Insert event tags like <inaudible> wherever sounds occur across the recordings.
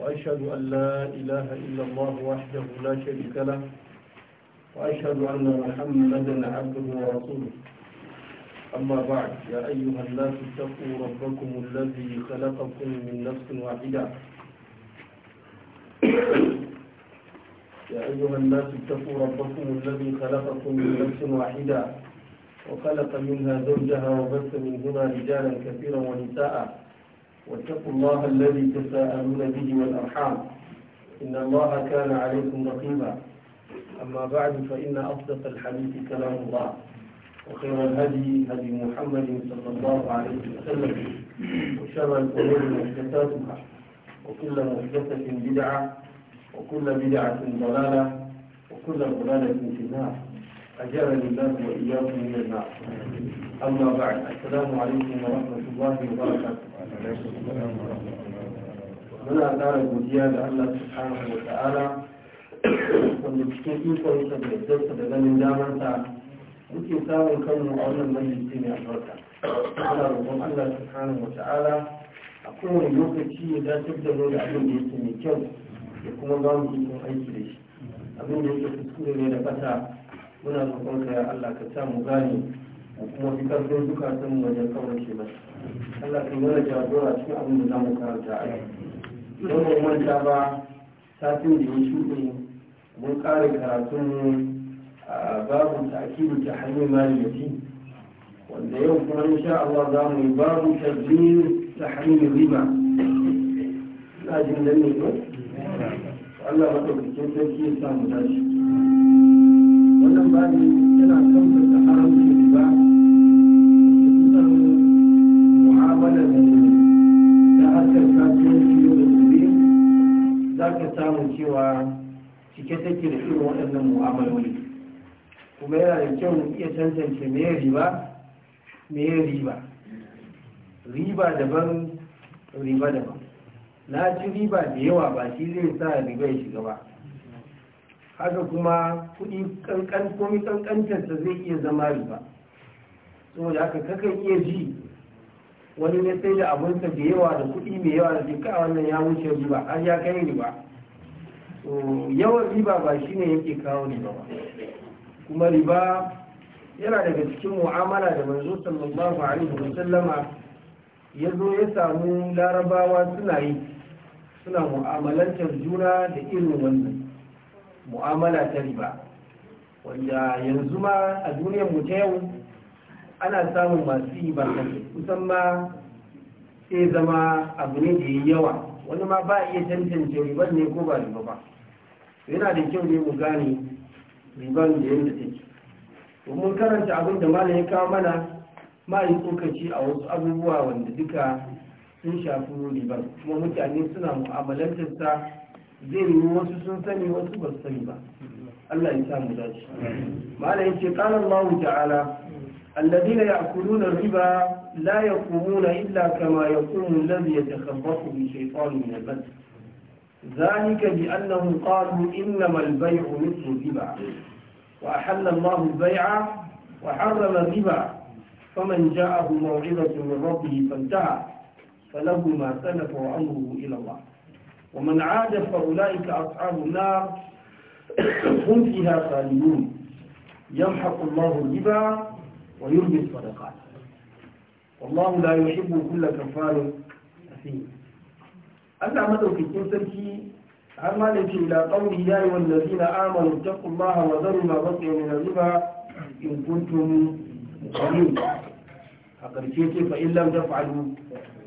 وأشهد أن لا إله إلا الله وحده لا شريك له وأشهد أن محمدا عبده ورسوله أما بعد يا أيها الناس اتقوا ربكم الذي خلقكم من نفس واحدة يا أيها الناس اتقوا ربكم الذي خلقكم من نفس واحدة وخلق منها زوجها وبث منهما رجالا كثيرا ونساء واتقوا الله الذي تساءلون به والأرحام إن الله كان عليكم رقيبا أما بعد فإن أصدق الحديث كلام الله وخير الهدي هدي محمد صلى الله عليه وسلم وشر الأمور محدثاتها وكل محدثة بدعة وكل بدعة ضلالة وكل ضلالة في النار أجرني الله وإياكم من النار أما بعد السلام عليكم ورحمة الله وبركاته muna ƙara godiya ga Allah subhanahu wa ta'ala wanda cikin ikon yake da yadda da ganin damarsa muke samun kanmu a wannan majalisi ne a farka ana roƙon Allah subhanahu wa ta'ala a kowane lokaci ya dace da mu da abin da yake mai kyau da kuma ba mu ikon aiki da shi abin da yake kuskure ne da fata muna roƙon ka ya Allah ka sa mu gane kuma fi ƙarfin zukatan mu wajen kawar shi masa Allah kan yana jagora cikin abin da za mu karanta a yau. Don mu manta ba satin da ya shuɗe mun ƙara karatun babu ta ta'kidu ta hanyar maliyati wanda yau kuma insha Allah za mu yi babu ta tabbir ta hanyar riba. Ina jin danne ko? Allah maɗaukakin sarki ya samu dashi. cewa cike take da irin waɗannan mu'amaloli kuma yana da kyau iya tantance me riba me riba riba daban riba daban na ci riba da yawa ba shi zai sa riba ya shiga ba haka kuma kuɗi kankan komi kankantarsa zai iya zama riba saboda haka kakan iya ji wani ne sai da abunsa da yawa da kuɗi mai yawa da duka wannan ya wuce riba har ya kai riba yawan riba ba shi ne yake kawo riba ba kuma riba yana daga cikin mu'amala da manzo sallallahu alaihi wa sallama ya zo ya samu larabawa suna yi suna mu'amalantar juna da irin wannan mu'amala ta riba wanda yanzu ma a duniyar mu ta yau ana samun masu yi ba kusan ma sai zama abu ne da yawa wani ma ba iya tantance riban ne ko ba riba ba yana da kyau ne mu gane riban da yadda take mun karanta abin da malam ya kawo mana ma yi tsokaci a wasu abubuwa wanda duka sun shafi riban kuma mutane suna mu'amalantarsa zai yi wasu sun sani wasu ba su sani ba Allah ya samu dace malam ya ce qala Allah ta'ala alladhina ya'kuluna riba لا يقومون إلا كما يقوم الذي يتخبطه الشيطان من المس ذلك بأنهم قالوا إنما البيع مثل الربا وأحل الله البيع وحرم الربا فمن جاءه موعظة من ربه فانتهى فله ما سلف وأمره إلى الله ومن عاد فأولئك أصحاب النار هم فيها خالدون يمحق الله الربا ويربي الصدقات والله لا يحب كل كفار أثيم أنا مدرك التنسكي أمانك إلى قول أيها الذين آمنوا اتقوا الله وذروا ما بقي من الربا إن كنتم مؤمنين أقرشيك فإن لم تفعلوا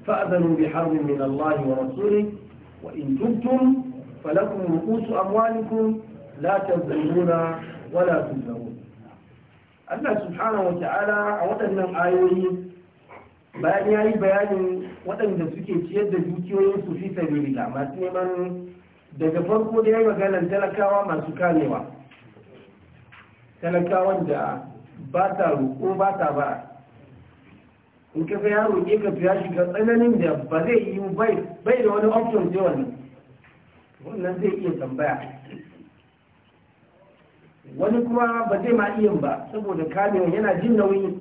فأذنوا بحرب من الله ورسوله وإن تبتم فلكم رؤوس أموالكم لا تظلمون ولا تظلمون الله سبحانه وتعالى أودنا آيوين bayan ya yi bayanin waɗanda suke ciyar da dukiyoyin su fi sabilillah masu neman daga farko da ya yi maganar talakawa masu kamewa talakawan da ba ta roƙo ba ta ba in ka fi yaro ke ka fiya shiga tsananin da ba zai yi bai da wani option zai wani wannan zai iya tambaya wani kuma ba zai ma iya ba saboda kamewa yana jin nauyi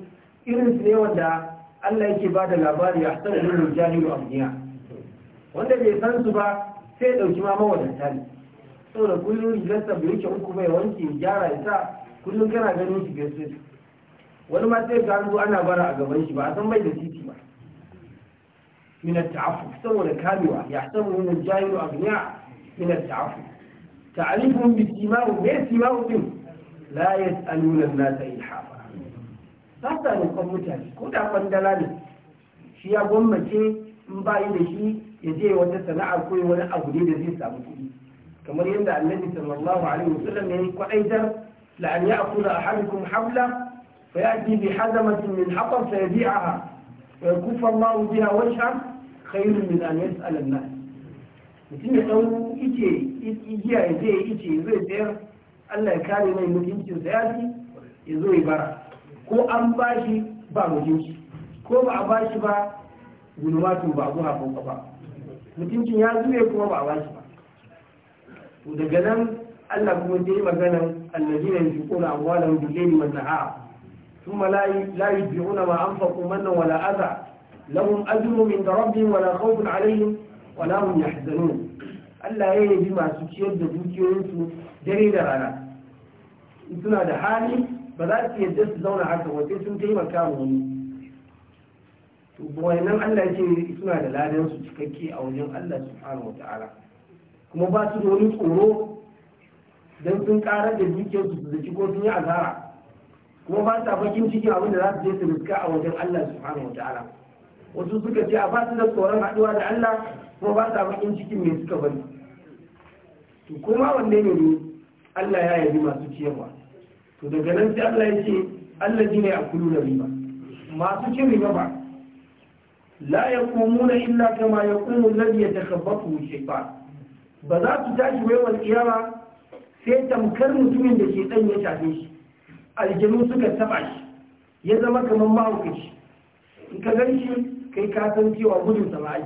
irin su ne wanda Allah yake ba da labari a san wurin jahilu abdiya wanda bai san su ba sai dauki ma mawadanta ne saboda kullum rigarsa bai yake uku bai wanke gyara ya sa kullum kana ganin shi bai sai wani ma sai ga zo ana bara a gaban shi ba a san bai da titi ba min at-ta'affu saboda kamewa ya san wurin jahilu abdiya min at-ta'affu ta'rifun bi sima'u bi sima'u la yas'aluna an-nasa ilhafa ba sa roƙon mutane ko da kwandala ne shi ya gwammace in ba yi da shi ya je wata sana'a ko wani abu ne da zai samu kuɗi kamar yadda annabi sallallahu alaihi wasallam ya yi kwaɗaitar la an ya'kula ahadukum habla fa ya'ti bi hazamatin min hatab fa yabi'aha wa yakuffa Allah biha wajha khairun min an yas'al an-nas mutum ya dau ice igiya ya je ice zai tsayar Allah ya kare mai mutuncinsa ya ci ya zo ya bara ko an bashi ba mutunci ko ba a bashi ba gulmatu ba abu haɓoka ba mutuncin ya zube kuma ba a bashi ba daga nan allah kuma ta yi maganan allazina yunfiquna amwalahum bil-layli wan-nahar ثم لا لا يتبعون ما انفقوا منا ولا اذى لهم أجرهم عند ربهم ولا خوف عليهم ولا هم يحزنون Allah ya yabi masu ciyar da dukiyoyinsu dare da rana suna da hali ba za su yadda su zauna haka ba sun taimaka mu wani to nan Allah ce suna da ladan su cikakke a wajen Allah subhanahu wata'ala kuma ba su da wani tsoro dan sun karar da dukiyar su da ko sun yi azara kuma ba sa bakin cikin abin da za su je su riska a wajen Allah subhanahu wata'ala wasu suka ce a ba su da tsoron haɗuwa da Allah kuma ba sa bakin cikin me suka bari to kuma wanne ne Allah ya yabi masu ciyarwa to daga nan sai Allah ya ce allazi ne akulu da riba masu cin riba ba la na illa kama ya yaqumu ya yatakhabbathu shaytan ba za su tashi wai wani kiyama sai tamkar mutumin da ke dan ya shafe shi aljanu suka taba shi ya zama kamar mahaukaci in ka gan shi kai ka san cewa gudun sa ba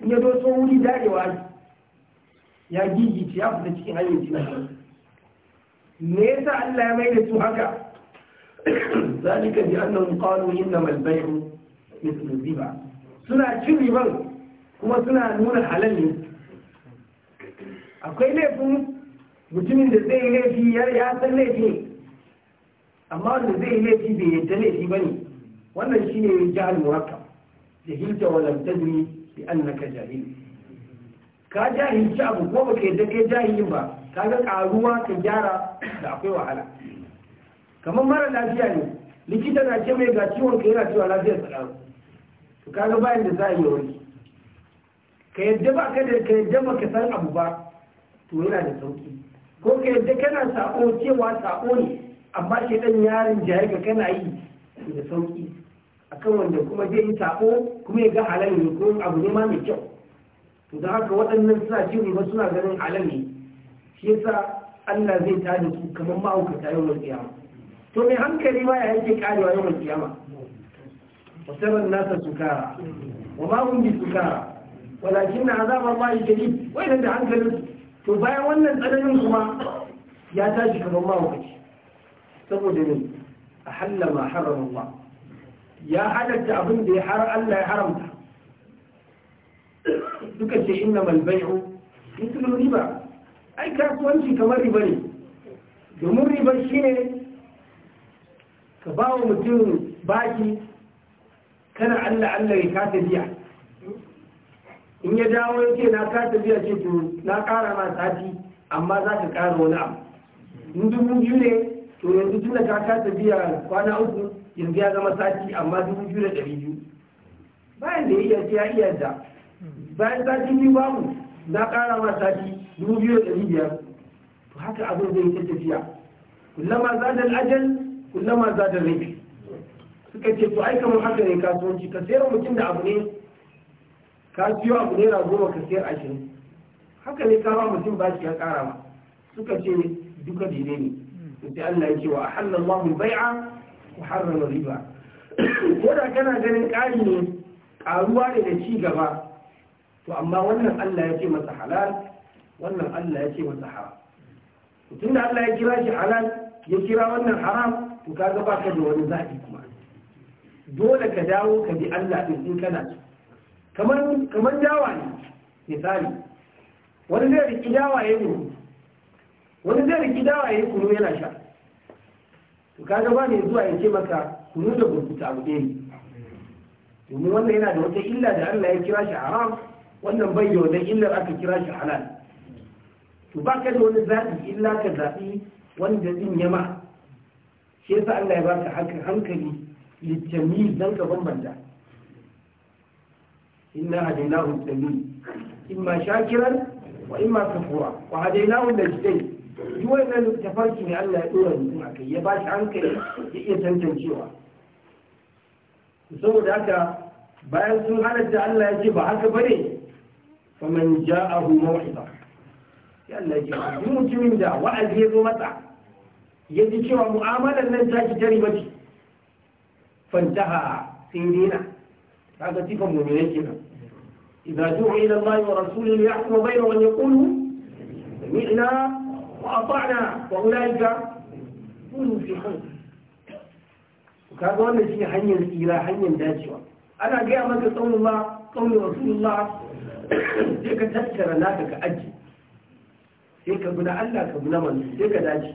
in ya doso wuri darewa ya gigice ya fita cikin hanyar jinin me yasa Allah ya mai da su haka zalika bi annahum qalu innama al-bay'u mithlu riba suna cin riba kuma suna nuna halal ne akwai laifin mutumin da zai laifi ya san laifi amma wanda zai laifi bai yadda laifi ba ne wannan shi ne jihar muraka jahilta wa lam tadri bi annaka jahil ka jahilci abu ko baka yadda kai jahilin ba kaga karuwa ka gyara da akwai wahala kamar mara lafiya ne likita na ce mai ga ciwon ka yana cewa ta karu to kaga bayan da za a yi wani ka yadda ba ka da ka yadda ba ka san abu ba to yana da sauki ko ka yadda kana sako cewa sako ne amma shi dan yarin jaye ka kana yi da sauki akan wanda kuma zai yi sako kuma ya ga halal ko abu ne ma mai kyau to da haka waɗannan suna ci ba suna ganin halal shi yasa Allah zai tada su kamar ma'aukata yau mai kiyama to mai hankali ma ya yake karewa yau mai kiyama wasarar nasa sukara wa ma hum bi sukara walakin azab Allah shadid wai da hankalin to bayan wannan tsananin kuma ya tashi kamar ma'aukaci saboda ne a hallama haram Allah ya halatta abin da ya har Allah ya haramta duka ce inna mal bai'u mithlu riba ai kasuwanci kamar riba ne domin riba shi ne ka ba wa mutum baki kana allah allah ya kata biya in ya dawo ya ce na kata biya ce to na kara ma sati amma za ka kara wani abu in dubu biyu ne to yanzu tun da ka kata biya kwana uku yanzu ya zama sati amma dubu biyu da ɗari biyu bayan da ya iya ya iya da bayan sati biyu babu na kara ma sati dubu biyu da ɗari biyar to haka abin zai ta tafiya kullama zada al'ajal kullama zada rabi suka ce to aika mun haka ne kasuwanci ka sayar mutum da abu ne ka siyo abu ne na goma ka sayar ashirin haka ne ka ba mutum ba shi ya kara ma suka ce duka daidai ne sai Allah ya ce wa ahalla Allahu bai'a wa harrama riba ko da kana ganin ƙari ne ƙaruwa ne da ci gaba to amma wannan Allah ya ce masa halal wannan Allah ya ce masa haram tun da Allah ya kira shi halal ya kira wannan haram to kaga ba ka da wani zaɓi kuma dole ka dawo ka bi Allah din in kana kamar kamar dawa ne misali wani zai riki dawa ya yi wani zai riki dawa ya yi kunu yana sha to kaga ba ne zuwa ya ce maka kunu da burkuta abu ɗaya ne domin wannan yana da wata illa da Allah ya kira shi haram wannan bai da illar aka kira shi halal to ba ka da wani zaɓi illa ka zaɓi wanda zin yama ma shi yasa Allah ya ba ka hankali littami don ka bambanta inna hadaynahu sabil imma shakiran wa imma kafura wa hadaynahu najdain duk wannan tafarki ne Allah ya dora mutum akai ya ba shi hankali ya iya tantancewa saboda haka bayan sun halatta Allah ya ce ba haka bane faman ja'ahu maw'id ya Allah ji duk mutumin da wa'azi ya zo masa ya ji cewa mu'amalar nan ta ci ta riba ce fantaha sun dina kaga sifan mu ne kenan idza du'a ila Allah wa rasulihi yahkum bainahum an yaqulu sami'na wa ata'na wa ulaika hum fi khair kaga wannan shi hanyar tsira hanyar dacewa ana gaya maka tsaunin ma tsaunin rasulullah sai ka tattara naka ka aji sai ka bi na Allah ka bi na manzo sai ka dace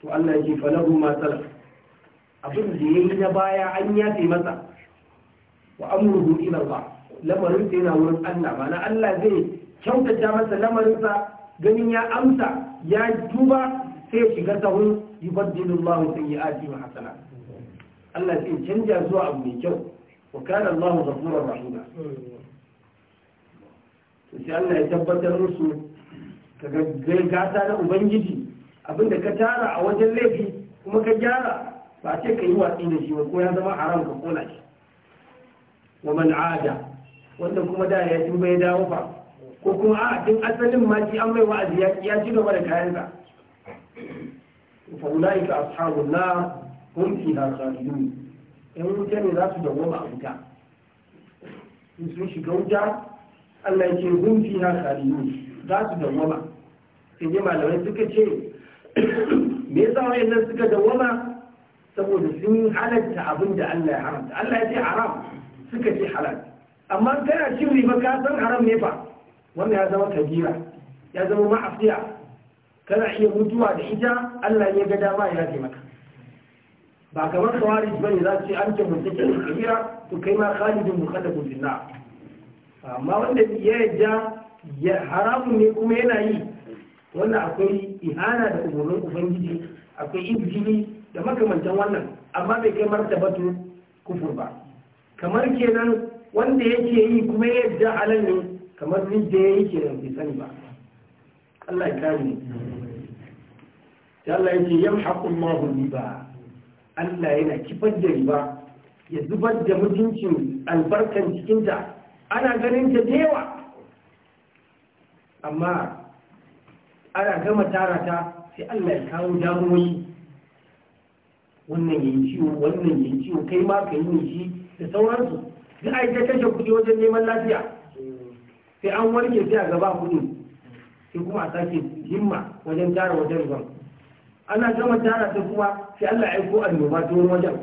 to Allah ya ce falahu ma salaf abin da yayi na baya an yafe masa wa amruhu ila Allah lamarin sa yana wurin Allah bana na Allah zai kyautata masa lamarin sa ganin ya amsa ya duba sai ya shiga sahun yubaddilu Allah sayyi'ati wa hasana Allah sai canja zuwa abu mai kyau wa kana Allah ghafurur rahima sai Allah ya tabbatar musu kaga gata na ubangiji abinda ka tara a wajen laifi kuma ka gyara ba ce ka yi watsi da shi ba ko ya zama haram ka kona shi wa man ada wanda kuma da ya tuba ya dawo fa ko kuma a tun asalin ma shi an mai wa'azi ya ci gaba da sa fa ulaika ashabun nar hum fiha khalidun in wuta ne za su dawo a wuta in sun shiga wuta Allah ya ce hun fi ha za su dawwama sai ne malamai suka ce me yasa wayannan suka dawwama saboda sun halatta abin da Allah ya haramta Allah ya ce haram suka ce halal amma kana cin riba ka san haram ne fa wannan ya zama kabira ya zama ma'asiya kana iya mutuwa da ita Allah ya ga dama ya ce maka ba kamar khawarij bane za su ce an ce mutum kabira to kai ma khalidun mukhallafun fil nar amma wanda ya yadda haramun ne kuma yana yi wannan akwai ihana da umarnin ubangiji akwai injini da makamantan wannan amma bai kai martabatu kufur ba kamar kenan wanda yake yi kuma ya yadda halal ne kamar ridda ya yi kenan bai sani ba Allah ya kare ta Allah yake yamhaqu Allahu riba Allah yana kifar da riba ya zubar da mutuncin albarkan cikinta ana ganin ta dewa amma ana gama tara ta sai allah ya kawo damuwoyi wannan yin ciwo wannan yin ciwo kai ma ka yi shi da sauransu duk ai ta kashe kuɗi wajen neman lafiya sai an warke sai a gaba kuɗi sai kuma a sake himma wajen tara wajen ruwan. ana gama tara ta kuma sai allah ya aiko annoba ta wani wajen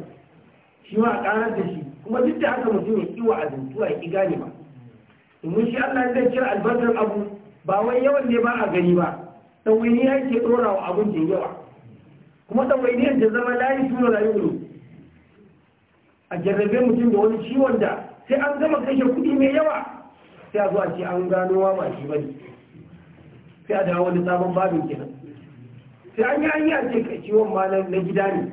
shi ma a ƙarar da shi kuma duk da haka mutum ya kiwa a azuntuwa ya ƙi gane ba domin shi Allah ya cire albarkar abu ba wai yawan ne ba a gani ba ɗawaini ya ke ɗora wa abin da yawa kuma ɗawainiyar ya zama layi suna rayuwa a jarrabe mutum da wani ciwon da sai an gama kashe kuɗi mai yawa sai a zuwa ce an gano wa ba shi bane sai a dawo wani sabon babin kenan sai an yi an yi a ce ka ciwon ma na gida ne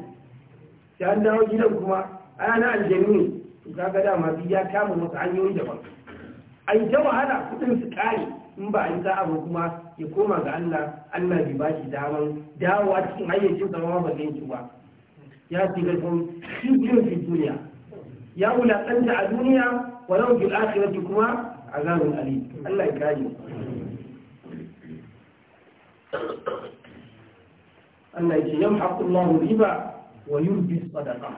sai an dawo gidan kuma ana na aljanu ne kaga dama biya kama masu hanyoyi daban a yi ta wahala kudin su kare in ba a yi sa'a ba kuma ya koma ga Allah Allah bai ba shi daman dawowa cikin hayyacin sa ba zai ba ya fi laifin shigiyar fi duniya ya wulaƙanta a duniya walau bil akhirati kuma azabun alim Allah ya kare Allah ya ce yam haƙullahu riba wa yurbi sadaka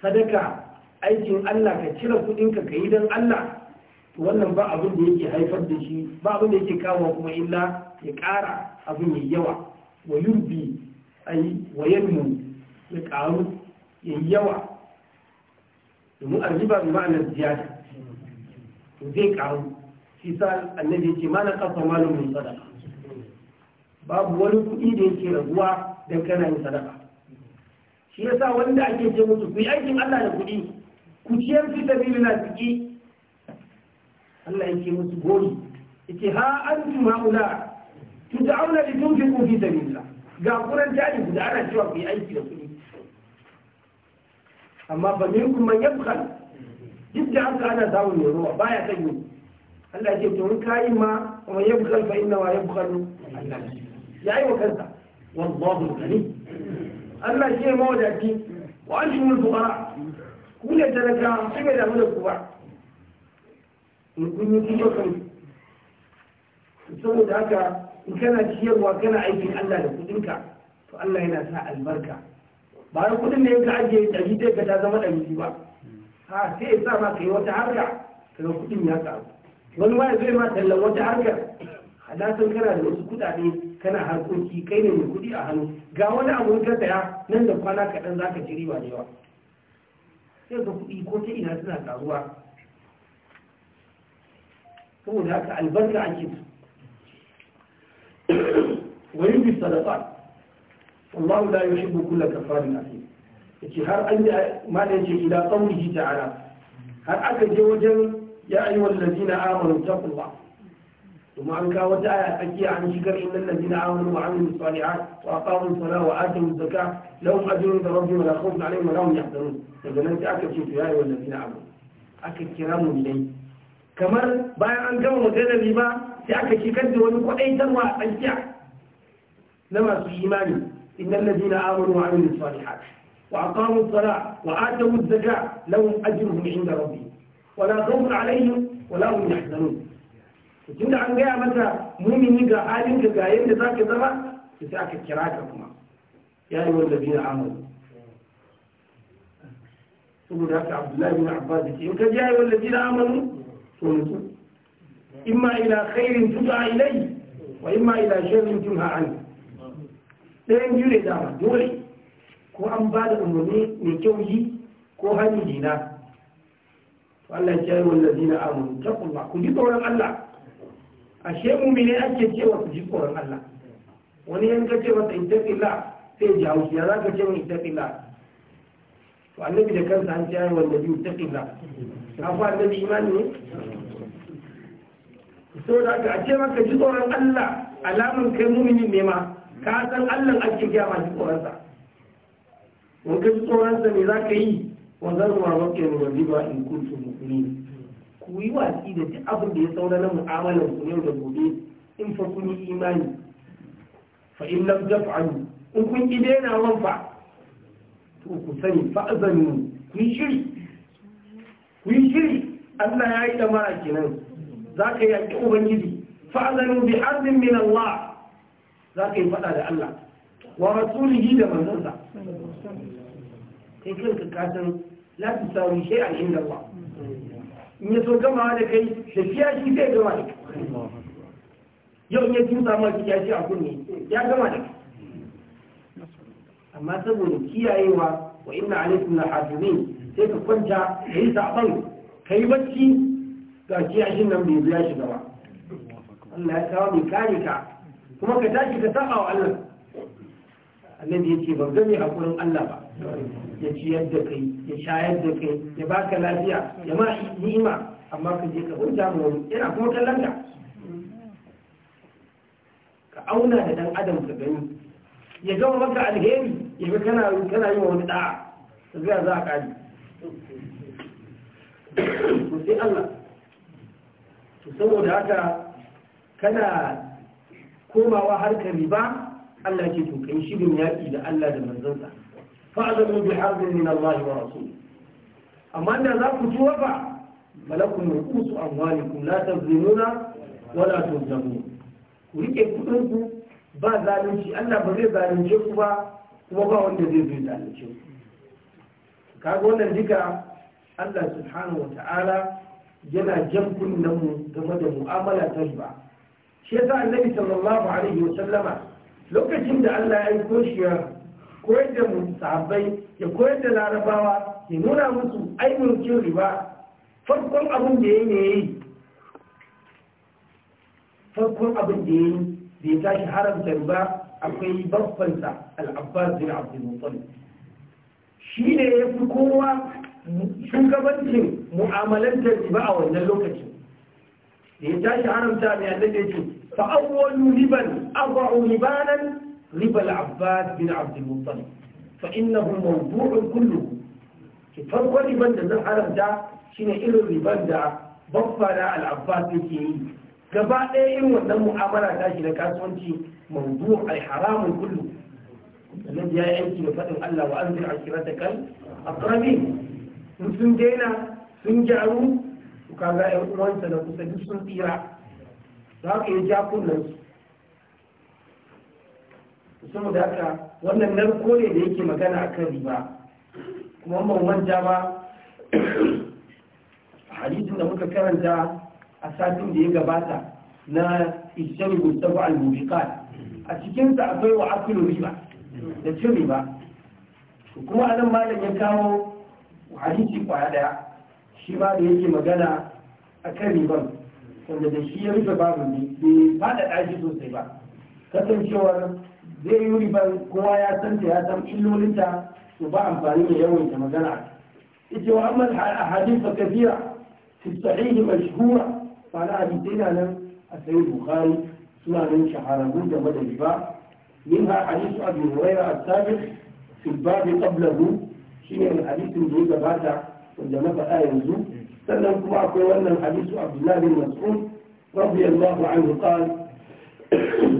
sadaka aikin Allah ka cire kuɗinka ka yi don Allah wannan ba abin da yake haifar da shi ba abin da yake kama kuma illa ya ƙara abin ya yawa wa yurbi ai wa yanmu ya ƙaru ya yi yawa domin arziba bi ma'anar ziyada to zai ƙaru shi sa annabi yake ma na ƙasa malum min sadaka babu wani kuɗi da yake raguwa don kana yin sadaka shi ya sa wanda ake ce musu ku yi aikin Allah da kuɗi ku ciyar fi na ciki الله يكي مسبولي إتي ها أنتم هؤلاء تدعون لتنفقوا في سبيل الله قال قرن تاني بدعنا شوك في أي شيء أما فمنكم من يبخل جد عن هذا داون يروح بايا تجوز الله يكي تقول كايما ومن يبخل فإنما يبخل يا أيوة كذا والله الغني الله يكي مولاكي وأنتم الفقراء كل ذلك عصيبة لهم الكبار mutum yi kan saboda haka in kana ciyarwa kana aikin Allah da kudinka to Allah yana sa albarka ba da kudin da yanka ajiye ɗari zai ka ta zama ɗari ba ha sai ya sa ma ka yi wata harka kaga kudin ya karu wani ma zai ma tallan wata harkar hadasan kana da wasu kuɗaɗe kana harkoki kai ne mai kuɗi a hannu ga wani abu ka saya nan da kwana kaɗan za ka ci riba da yawa sai ka kuɗi ko ta ina suna karuwa هو ذاك عن عجيب ويجب الصدقات والله لا يحب كل كفار أثيم هل عند ما يجي إلى قوله تعالى هل أتى جوجل يا أيها الذين آمنوا اتقوا الله وما أنك وجاء أجي عن شكر إن الذين آمنوا وعملوا الصالحات وأقاموا الصلاة وآتوا الزكاة لهم أجر عند ربهم ولا خوف عليهم ولا هم يحزنون إذا أنت أكد شيء يا أيها الذين آمنوا اكل كرام إليه kamar bayan an gama magana ne ba sai aka shigar da wani kwaɗaitarwa a tsakiya na masu imani innal ladina amanu wa amilus salihat wa aqamu as-salah wa atu az-zakah lahum ajruhum 'inda rabbihim wa la khawfun 'alayhim wa la hum yahzanun tunda an gaya mata mumini ga halin ka ga yanda zaka zama sai aka kira ka kuma ya yi wanda amanu amuru saboda haka abdullahi bin abbas ke in ka ji ya yi amanu ونزول إما إلى خير تدعى إليه وإما إلى شر تنهى عنه ɗayan biyu ne dama dole ko an ba da umarni mai kyau yi ko hanyi dina Allah ya yi wallazi na amuru taƙulla ku ji tsoron Allah ashe mumine ake cewa ku ji tsoron Allah wani yanka ce masa ittaqilla sai ya jawo shi ya zaka ce mu ittaqilla to annabi da kansa an ce wanda biyu Ka fa annabi imani ne so da ka ce maka ji tsoron Allah alamun kai mu'mini ne ma ka san Allah ake gaya ma ji tsoron sa mun ka ji tsoron sa ne zaka yi wannan ruwa wakke ne wani ba in kuntum mu'minin ku yi watsi da duk abin da ya saura na mu'amalar ku yau da gobe in fa kun yi imani fa in lam taf'alu in kun ki daina wan fa to ku sani fa'azanu ku yi shiri ku yi shiri Allah ya yi mara kenan za ka yi yaƙi ubangiji fa'azanu bi arzin min Allah za ka yi faɗa da Allah wa rasulihi da manzansa kai kanka ka san la tusawi a inda Allah in ya so gama da kai da fiya shi zai gama da kai yau in ya tusa ma fiya a kunne ya gama da kai amma saboda kiyayewa wa inna alaikum la hafizin sai ka kwanta ka yi saban ka yi bacci ga kiyashin nan bai biya shi gaba Allah ya kawo mai kare ka kuma ka tashi ka saba wa Allah annabi ya ce ban gane hakurin Allah ba ya ciyar da kai ya shayar da kai ya baka lafiya ya ma ni'ima amma ka je ka huta mu wani yana kuma kallon ka ka auna da dan adam ka gani ya gama maka alheri ya fi kana yi wa wani da'a ka ga za a ko sai Allah to saboda haka kana komawa harkar riba Allah ke to kai shirin yaƙi da Allah da manzansa fa'azamu bi harbin min Allah wa rasul amma da za ku tuwa fa malakun yuqusu amwalikum la tazlimuna wa la tuzlamun ku rike kudin ku ba zalunci Allah ba zai zalunce ku ba kuma ba wanda zai zai zalunce ku kaga wannan duka Allah subhanahu wa ta'ala yana jan kunnen mu game da mu'amala ta riba shi yasa annabi sallallahu alaihi wa sallama lokacin da Allah ya aiko shi ya koyar da mu sahabbai ya koyar da larabawa ya nuna musu aibin riba farkon abin da ya ne farkon abin da ya yi bai tashi haramta ba akwai babbansa al'abbas bin abdulmutalib shi ne ya fi kowa shugabancin mu'amalantar riba a wannan lokacin da ya tashi haramta mai annabi ya ce fa'awwalu riban arba'u ribanan riba al'abbas bin abdulmutalib fa innahu mawdu'un kulluhu ki farko riban da zan haramta shine irin riban da babba da al'abbas yake yi gaba ɗaya irin wannan mu'amala ta shi na kasuwanci mawdu al haramun kullu sannan ya yi aiki da faɗin Allah wa anzir ashirata kan aqrabin in sun daina sun gyaru su kaga ƴan uwansa na kusa duk sun tsira za ka yi ja su saboda haka wannan narko ne da yake magana a kan riba kuma ban manja ba hadisin da muka karanta a satin da ya gabata na ishari gustafu al-mubiqat a cikinsa akwai wa akilu riba da cin riba kuma anan malam ya kawo hadisi kwaya daya shi ma da yake magana a kan riban wanda da shi ya rufe babu ne bai fada ɗashi sosai ba kasancewar zai yi riban kowa ya san ta ya san illolinta to ba amfani da yawaita magana ita wa amma hadisa kafira fi sahihi mashhura فالآن تلالا السيد بخاري سنة من شحارة بودة مدربة منها حديث أبي هريرة السابق في الباب قبله شيء حديث جيدة بعد عندما بقى ينزو سلم معكم أن الحديث عبد الله بن مسعود رضي الله عنه قال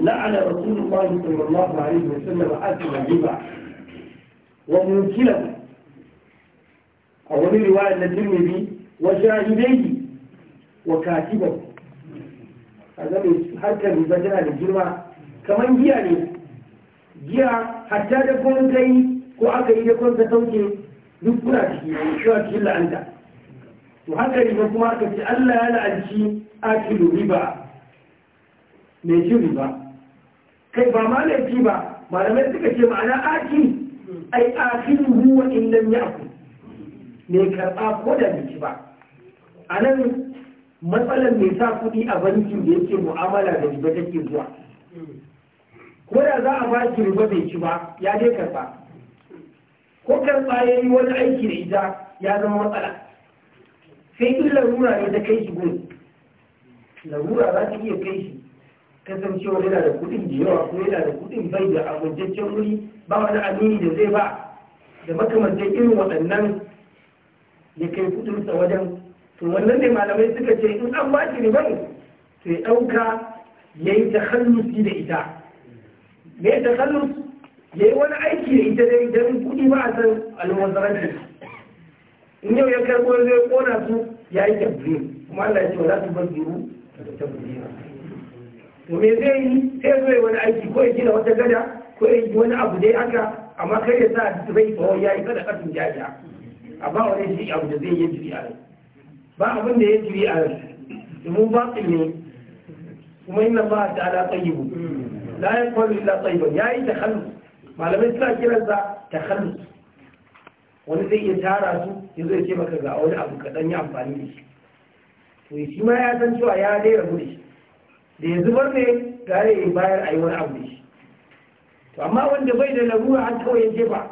لعن رسول الله صلى الله عليه وسلم حاكم الربا ومنكله أو رواية الترمذي وشاهديه wa katiban a zame harkar riba tana da girma kamar giya ne giya hatta da kun kai ko aka yi da kun ta sauke duk kuna ciki shiwa cikin la'anta to haka riba kuma aka ce allah ya la'anci akilu riba mai cin riba kai ba ma laifi ba malamai suka ce ma'ana aki ai akilu huwa in lam ya'kul ne karɓa ko da biki ba a nan matsalar mai sa kuɗi a bankin da yake mu'amala da riba take zuwa ko da za a ba shi riba bai ci ba ya dai karba ko karba ya yi wani aiki da ita ya zama matsala sai in larura ne ta kai shi gun larura za ta iya kai shi kasancewa yana da kuɗin da yawa ko yana da kuɗin bai da amintaccen wuri ba wani amini da zai ba da makamantan irin waɗannan ya kai kuɗinsa wajen wannan ne malamai suka ce in an ba ne bai sai ya ɗauka ya yi takhallusi da ita me takhallus ya yi wani aiki da ita dai don kuɗi ba a san almubazzaranci in yau ya karɓo zai ƙona su ya yi tabbiri kuma Allah ya ce wala su bar biyu da tabbiri to me zai yi sai zai wani aiki ko ya gina wata gada ko ya yi wani abu dai haka amma kai ya sa rai tsawon ya yi kada ƙasin jaja a ba wani shi abu da zai yi jiri a rai ba abin da ya jiri a mu ba su ne kuma inna ba ta ala tayyibu la yakunu Ya yi ta hannu. malamai suna kiransa hannu. wani zai iya tara su ya zai ce maka ga wani abu kaɗan ya amfani da shi to shi ma ya san cewa ya dai rabu da shi da ya zubar ne gare ya bayar a yi wani abu da shi to amma wanda bai da larura an kawai ya jefa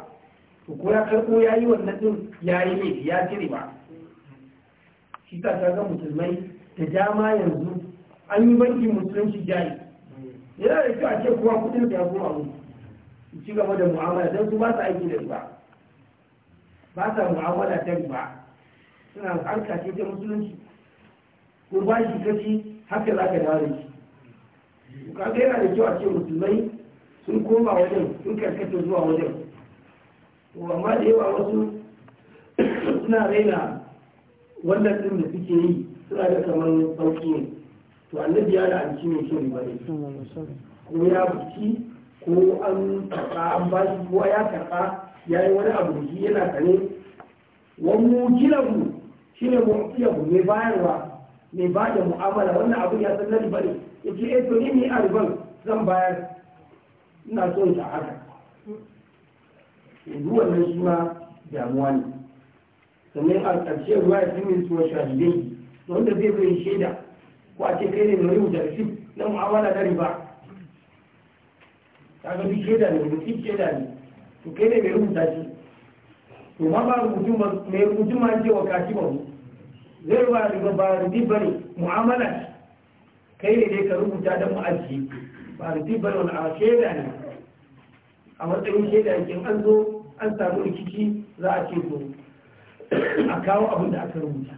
to ko ya karɓo ya yi wannan ɗin ya yi ne ya ci ba shi ta ga musulmai da dama yanzu an yi banki musulunci jari yana da kyau a ce kuma kudin da ya kuma abu ci gaba da mu'amala don su ba su aiki da riba ba sa mu'amala ta riba suna harka ce ta musulunci ko ba shi kashi haka za ka dawo shi kaga yana da kyau a ce musulmai sun koma wajen sun karkata zuwa wajen amma da yawa wasu suna raina wannan din da suke yi suna da kamar sauki ne to annabi ya la'anci mai shan riba ne ko ya buci ko an karɓa an ba shi kowa ya karɓa ya yi wani abu da shi yana kane wani mu shi ne mu'tiyahu mai bayarwa mai ba da mu'amala wannan abu ya san na riba ne ya ce eh to ni ne a zan bayar ina so ya haka yanzu wannan shi ma damuwa ne sannan a ƙarshe ruwa ya fi min tuwa shahidai wanda zai bai shaida ko a ce kai ne mai rubuta shi na mu'amala na riba ta gabi shaida ne fi shaida ne to kai ne mai rubuta shi to ma ba rubutu ba mai rubutun ma ce wa kashi ba zai ba riba ba rubi ba ne mu'amala kai ne dai ka rubuta don mu'aji ba rubi ba ne wani a shaida ne a matsayin shaida in an zo an samu rikici za a ce to a kawo abin da aka rubuta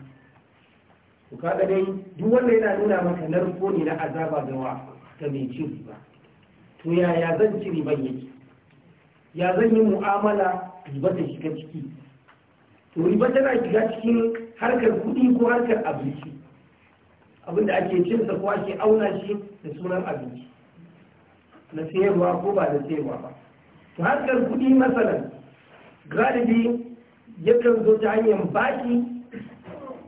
ku kaga dai duk wanda yana nuna maka narko ne na azaba ga wa ga mai cin riba to yaya zan ci riban yake ya zan yi mu'amala riba ta shiga ciki to riba tana shiga cikin harkar kuɗi ko harkar abinci abin da ake cin sa ko ake auna shi da sunan abinci na sayarwa ko ba da sayarwa ba to harkar kuɗi masalan galibi yakan zo ta hanyar baki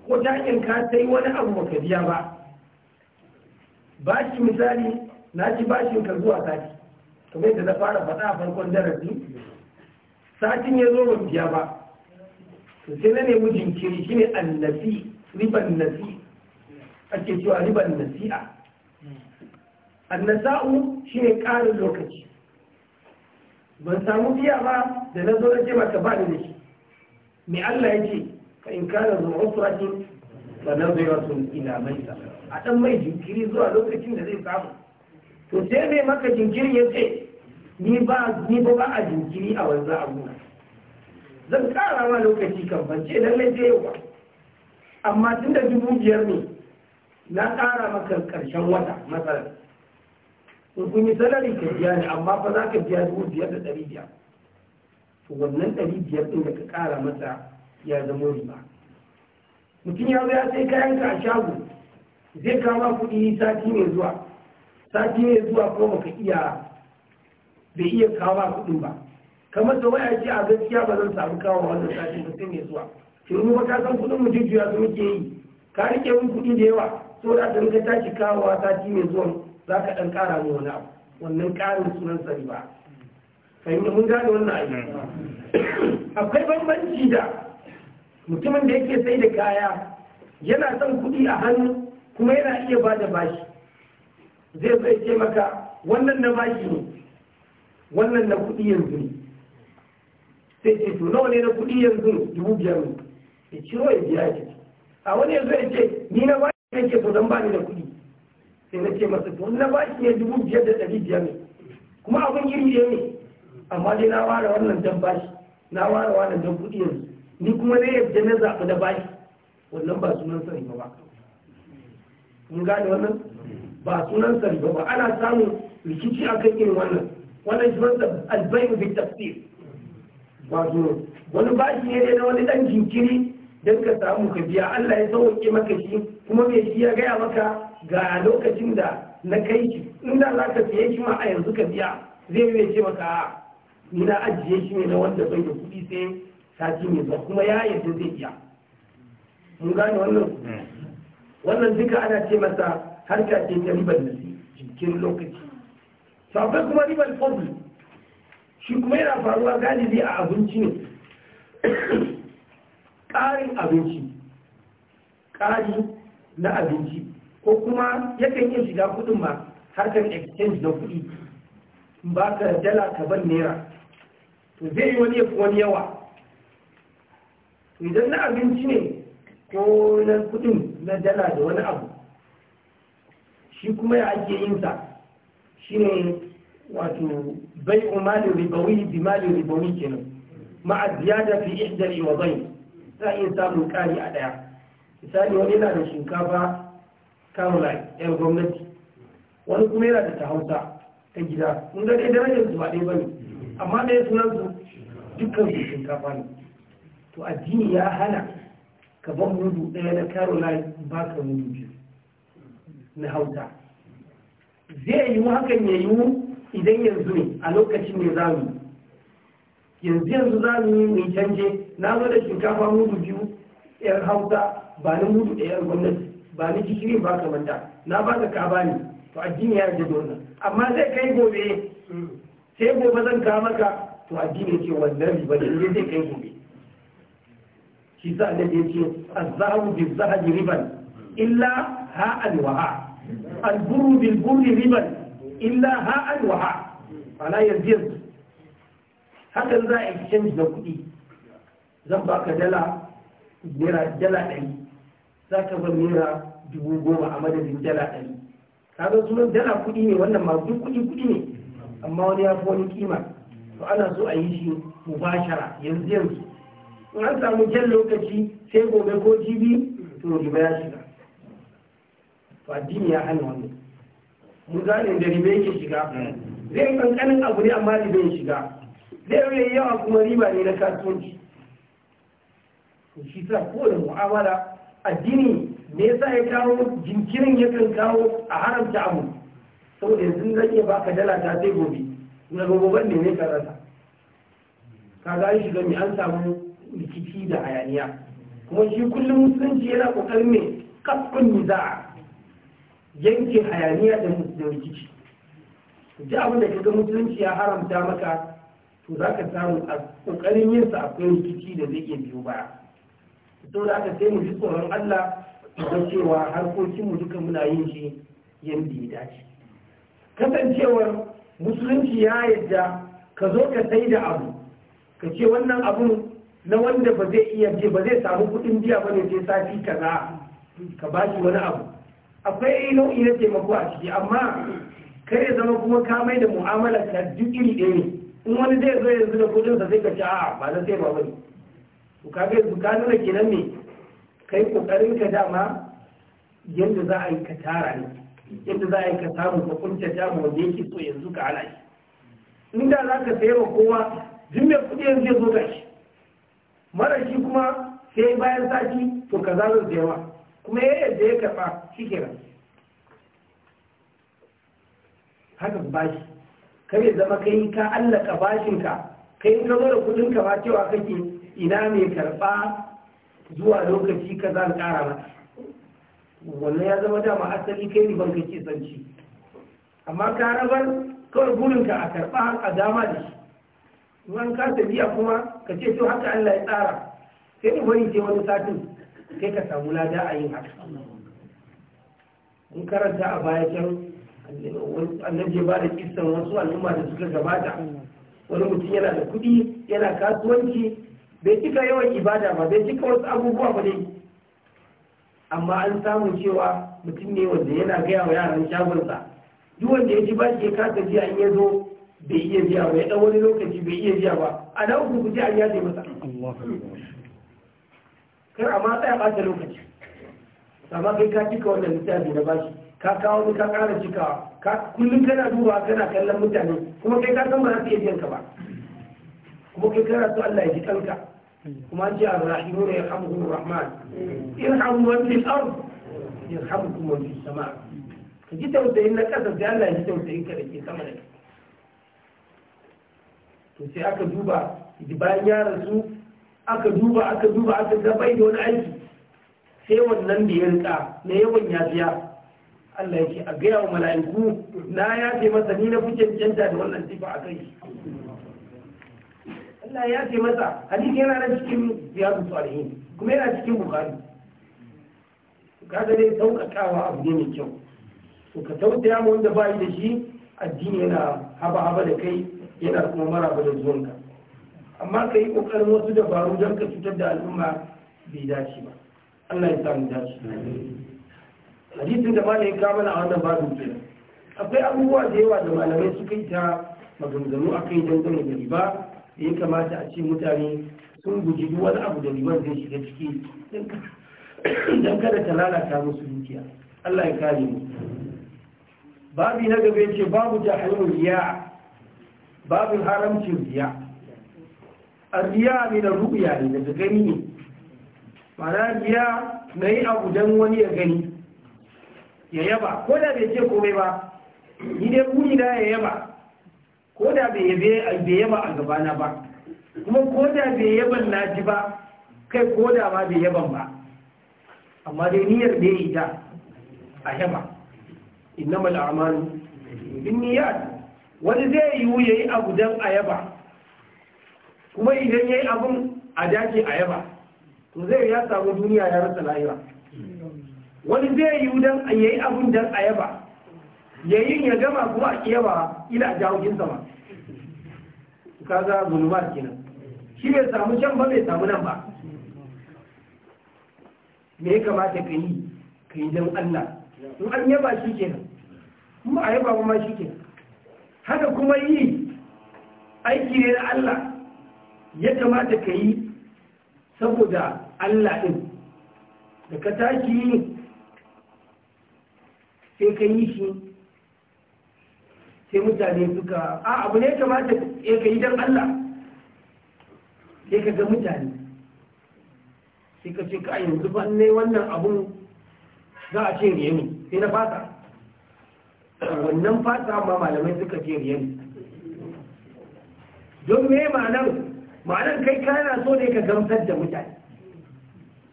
ko ta hanyar ka sai wani abu baka biya ba Baki misali na ci bashin ka zuwa sati kamar yadda na fara faɗa a farkon darasi satin ya zo ban biya ba sai na nemi jinkiri shine annasi riban nasi ake cewa riban nasi'a annasa'u shine ƙarin lokaci ban samu biya ba da na zo na ce maka ba ni da shi me Allah ya ce ka in kana zu usratin fa ina mai sa a ɗan mai jinkiri zuwa lokacin da zai samu to sai mai maka jinkiri ya ce ni ba ba a jinkiri a wanzu a gona. zan kara ma lokaci kan bance ce lallai zai yi wa amma tun da dubu biyar ne na kara maka karshen wata matsalar kun yi salari ka biya ne amma fa za ka biya dubu biyar da ɗari biyar to wannan ɗari biyar ɗin da ka ƙara masa ya zama riba mutum ya zai sai kayan ka a shago zai kama kuɗi sati mai zuwa sati mai zuwa ko baka iya bai iya kawo kuɗin ba kamar da waya ce a gaskiya ba zan samu kawo wannan sati ba sai mai zuwa shirin ba ka san kuɗin mu jujjuya su muke yi ka rike mun kuɗi da yawa so da ka tashi kawowa sati mai zuwa za ka ɗan ƙara mu wani abu wannan ƙarin sunan sa riba fahimta mun gane wannan ayi akwai bambanci da mutumin da yake sai da kaya yana son kuɗi a hannu kuma yana iya ba da bashi zai sai ce maka wannan na bashi ne wannan na kuɗi yanzu ne sai ce to nawa ne na kuɗi yanzu dubu biyar ne ya ciro ya biya ce a wani yanzu ya ce ni na bashi ne ke to don ba ni da kuɗi sai na ce masa to na bashi ne dubu biyar da ɗari biyar ne kuma abin iri ne amma dai na ware wannan dan bashi na ware wannan dan kudi yanzu ni kuma ne yadda na zaɓi da bashi wannan ba sunan sani ba mun gane wannan ba sunan sani ba ana samun rikici akan irin wannan wannan shi wanda albayin bi tafsir wato wani bashi ne na wani dan jinkiri don ka samu ka biya Allah ya sauke maka shi kuma mai shi ya gaya maka ga lokacin da na kai shi inda za ka siye shi ma a yanzu ka biya zai yi ce maka ni na ajiye shi ne na wanda bai da kuɗi sai sati ne ba kuma ya yadda zai iya mun gane wannan hmm. wannan duka ana ce masa harka ce ta ribar nasi jikin lokaci to akwai kuma ribar fadl shi kuma yana faruwa galibi a abinci ne <coughs> ƙarin abinci ƙari na abinci ko kuma yakan iya shiga kuɗin ma harkar exchange na kuɗi ba ka dala ka ban naira to zai yi wani yafi wani yawa idan na abinci ne ko na kudin na dala da wani abu shi kuma ya ake yin sa shine wato bai umarin ribawi malin ribawi kenan ma'a ziyada fi ihdari wa bai za iya samun kari a daya misali wani yana da shinkafa kamula yan gwamnati wani kuma yana da ta hausa ɗan gida mun ga dai darajar su ba ɗaya ba ne, amma ɗaya sunan su dukkan su shinkafa ne to addini ya hana ka ban mudu ɗaya na caroline ba ka mudu biyu na hauta zai yi hakan ya yiwu idan yanzu ne a lokacin ne za mu yanzu yanzu za mu yi mai canje na zo da shinkafa mudu biyu yan hausa ba ni mudu da gwamnati ba ni kishirin ba da na ba ka kaba ne to addini ya yarda da wannan amma zai kai gobe sai gobe zan kawo maka to addini ce wannan riba da ne zai kai gobe shi sa annabi yace az-zahabu biz-zahabi riban illa ha'an wa ha al-burru bil-burri riban illa ha'an wa ha ana yanzu hakan za a exchange na kuɗi zan baka dala naira dala ɗari za ka bar naira dubu goma a madadin dala ɗari kaga sunan dala kudi ne wannan ma duk kudi kudi ne amma wani ya fi wani kima to ana so a yi shi mubashara yanzu yanzu in an samu jan lokaci sai gobe ko jibi to riba ya shiga to addini ya hana wannan mun gane da riba yake shiga zai kankanin abu ne amma riba ya shiga zai yi yawa kuma riba ne na kasuwanci shi sa kowane mu'amala addini me yasa ya kawo jinkirin ya kan kawo a haramta abu saboda yanzu zan iya baka dala ta sai gobe na gobe ne ne ka rasa ka ga shi ga an samu rikici da hayaniya kuma shi kullum musulunci yana kokarin me kafin niza yanke hayaniya da rikici duk abin da kaga musulunci ya haramta maka to za ka samu a kokarin yinsa akwai rikici da zai iya biyo baya saboda haka sai mu ji tsoron Allah ga cewa harkokinmu duka muna yin shi yadda ya dace kasancewar musulunci ya yadda ka zo ka sai da abu ka ce wannan abun na wanda ba zai iya je ba zai samu kudin biya ba ne sai sati za ka ba shi wani abu akwai nau'i na taimako a ciki amma kar ya zama kuma ka mai da mu'amala ka duk iri ɗaya ne in wani zai zo yanzu da kudin sa sai ka ci a'a ba na sai ba bane to kaga yanzu ka nuna kenan me. kai kokarin ka dama yadda za a yi ka tara ne yadda za a yi ka samu ka kunta dama wanda yake so yanzu ka ala shi inda za ka sayar wa kowa duk mai kuɗi yanzu zo ga shi mara shi kuma sai bayan sati to ka zarar da yawa kuma ya yadda ya karɓa shi ke kenan haka bashi kare zama kai ka allaka bashinka kai ka zo da kuɗin ka ba cewa kake ina mai karɓa zuwa lokaci ka za ƙara mata wannan ya zama dama asali kai ne ka ke sanci amma ka rabar kawai burinka a karɓa a dama da shi ruwan ka biya kuma ka ce to haka Allah ya tsara sai ne wani ce wani satin kai ka samu lada a yin haka in karanta a baya can annabi ba da kisan wasu al'umma da suka gabata wani mutum yana da kuɗi yana kasuwanci bai cika yawan ibada ba bai cika wasu abubuwa ba dai amma an samu cewa mutum ne wanda yana gaya wa yaran shagonsa duk wanda ya ji ba shi ya kasa jiya in ya zo bai iya jiya ba ya wani lokaci bai iya jiya ba a na uku ku ji an yaje masa kar amma tsaya ɓata lokaci amma kai ka cika wannan littafi na bashi ka kawo ni ka ƙara cikawa kullum kana duba kana kallon mutane kuma kai ka san ba za su iya biyan ka ba kuma kai kana so Allah ya ji kanka kuma ji arrahimu ne yarhamuhum rahman irhamu man fil ard yarhamukum man fis sama ka ji tausayin na ƙasa sai Allah ya ji tausayin ka da ke sama da kai to sai aka duba bayan ya rasu aka duba aka duba aka ga bai da wani aiki sai wannan da ya rika na yawan yafiya Allah ya ce a gaya wa mala'iku na ya ce masa ni na fi cancanta da wannan sifa a kai Allah ya ce masa hadisi yana nan cikin ziyadu salihin kuma yana cikin bukhari kaga dai sauƙaƙawa abu ne mai kyau to ka tausaya mu wanda bai da shi addini yana haba haba da kai yana kuma mara ba da zuwanka amma ka yi ƙoƙarin wasu dabaru don ka cutar da al'umma bai dace ba Allah ya samu dace hadisin da malai ya kama a wannan babin kenan akwai abubuwa da yawa da malamai suka yi ta maganganu a kai dangane da riba ya kamata a ce mutane sun guji duk wani abu da liman zai shiga ciki don kada ta lalata musu dukiya Allah ya kare mu Babu na gaba ya ce babu hanyar riya Babu haramcin riya riya min ar rubuya ne daga gani ne mana riya yi abu don wani ya gani ya yaba ko da bai ce komai ba ni dai kuni na ya yaba ko da bai yaba a gabana ba kuma ko da bai yaban na ji ba kai ko da ma bai yaban ba amma dai niyyar da ya yi ta a yaba mal al'amalu bin niyyat wani zai yi ya yi abu don a yaba kuma idan ya yi abun a dace a yaba to zai ya samu duniya ya rasa lahira wani zai yi don yi abun don a yaba yayin ya gama kuma a kewa ila jawo kin sama kaga zulumat kenan shi bai samu can ba bai samu nan ba me ya kamata ka yi ka yi don Allah in an yaba shi kenan kuma a yaba ma shi kenan haka kuma yi aiki ne na Allah ya kamata ka yi saboda Allah ɗin da ka tashi sai ka yi shi sai mutane suka a abu ne kamata ya ka yi don Allah sai ka ga mutane sai ka ce ka yanzu ba ne wannan abun za a ce riyami sai na fata wannan fata ma malamai suka ce riyami don me ma'anar ma'anar kai kana so ne ka gamsar da mutane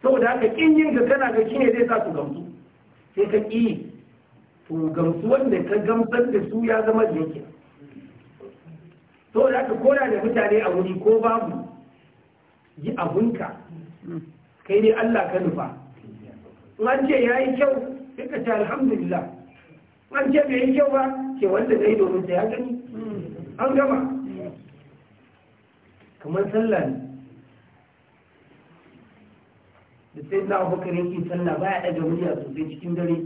saboda haka kin yin ka kana ga shine zai sa su gamsu sai ka ƙi to gamsu wanda ka gamsar da su ya zama da yake to da ka kora da mutane a wuri ko babu yi abunka kai ne Allah ka nufa an ce ya yi kyau sai ka ce alhamdulillah an ce bai yi kyau ba ce wanda zai domin ta ya gani an gama kamar sallah ne da sai na abokan yake sallah baya ɗaga murya sosai cikin dare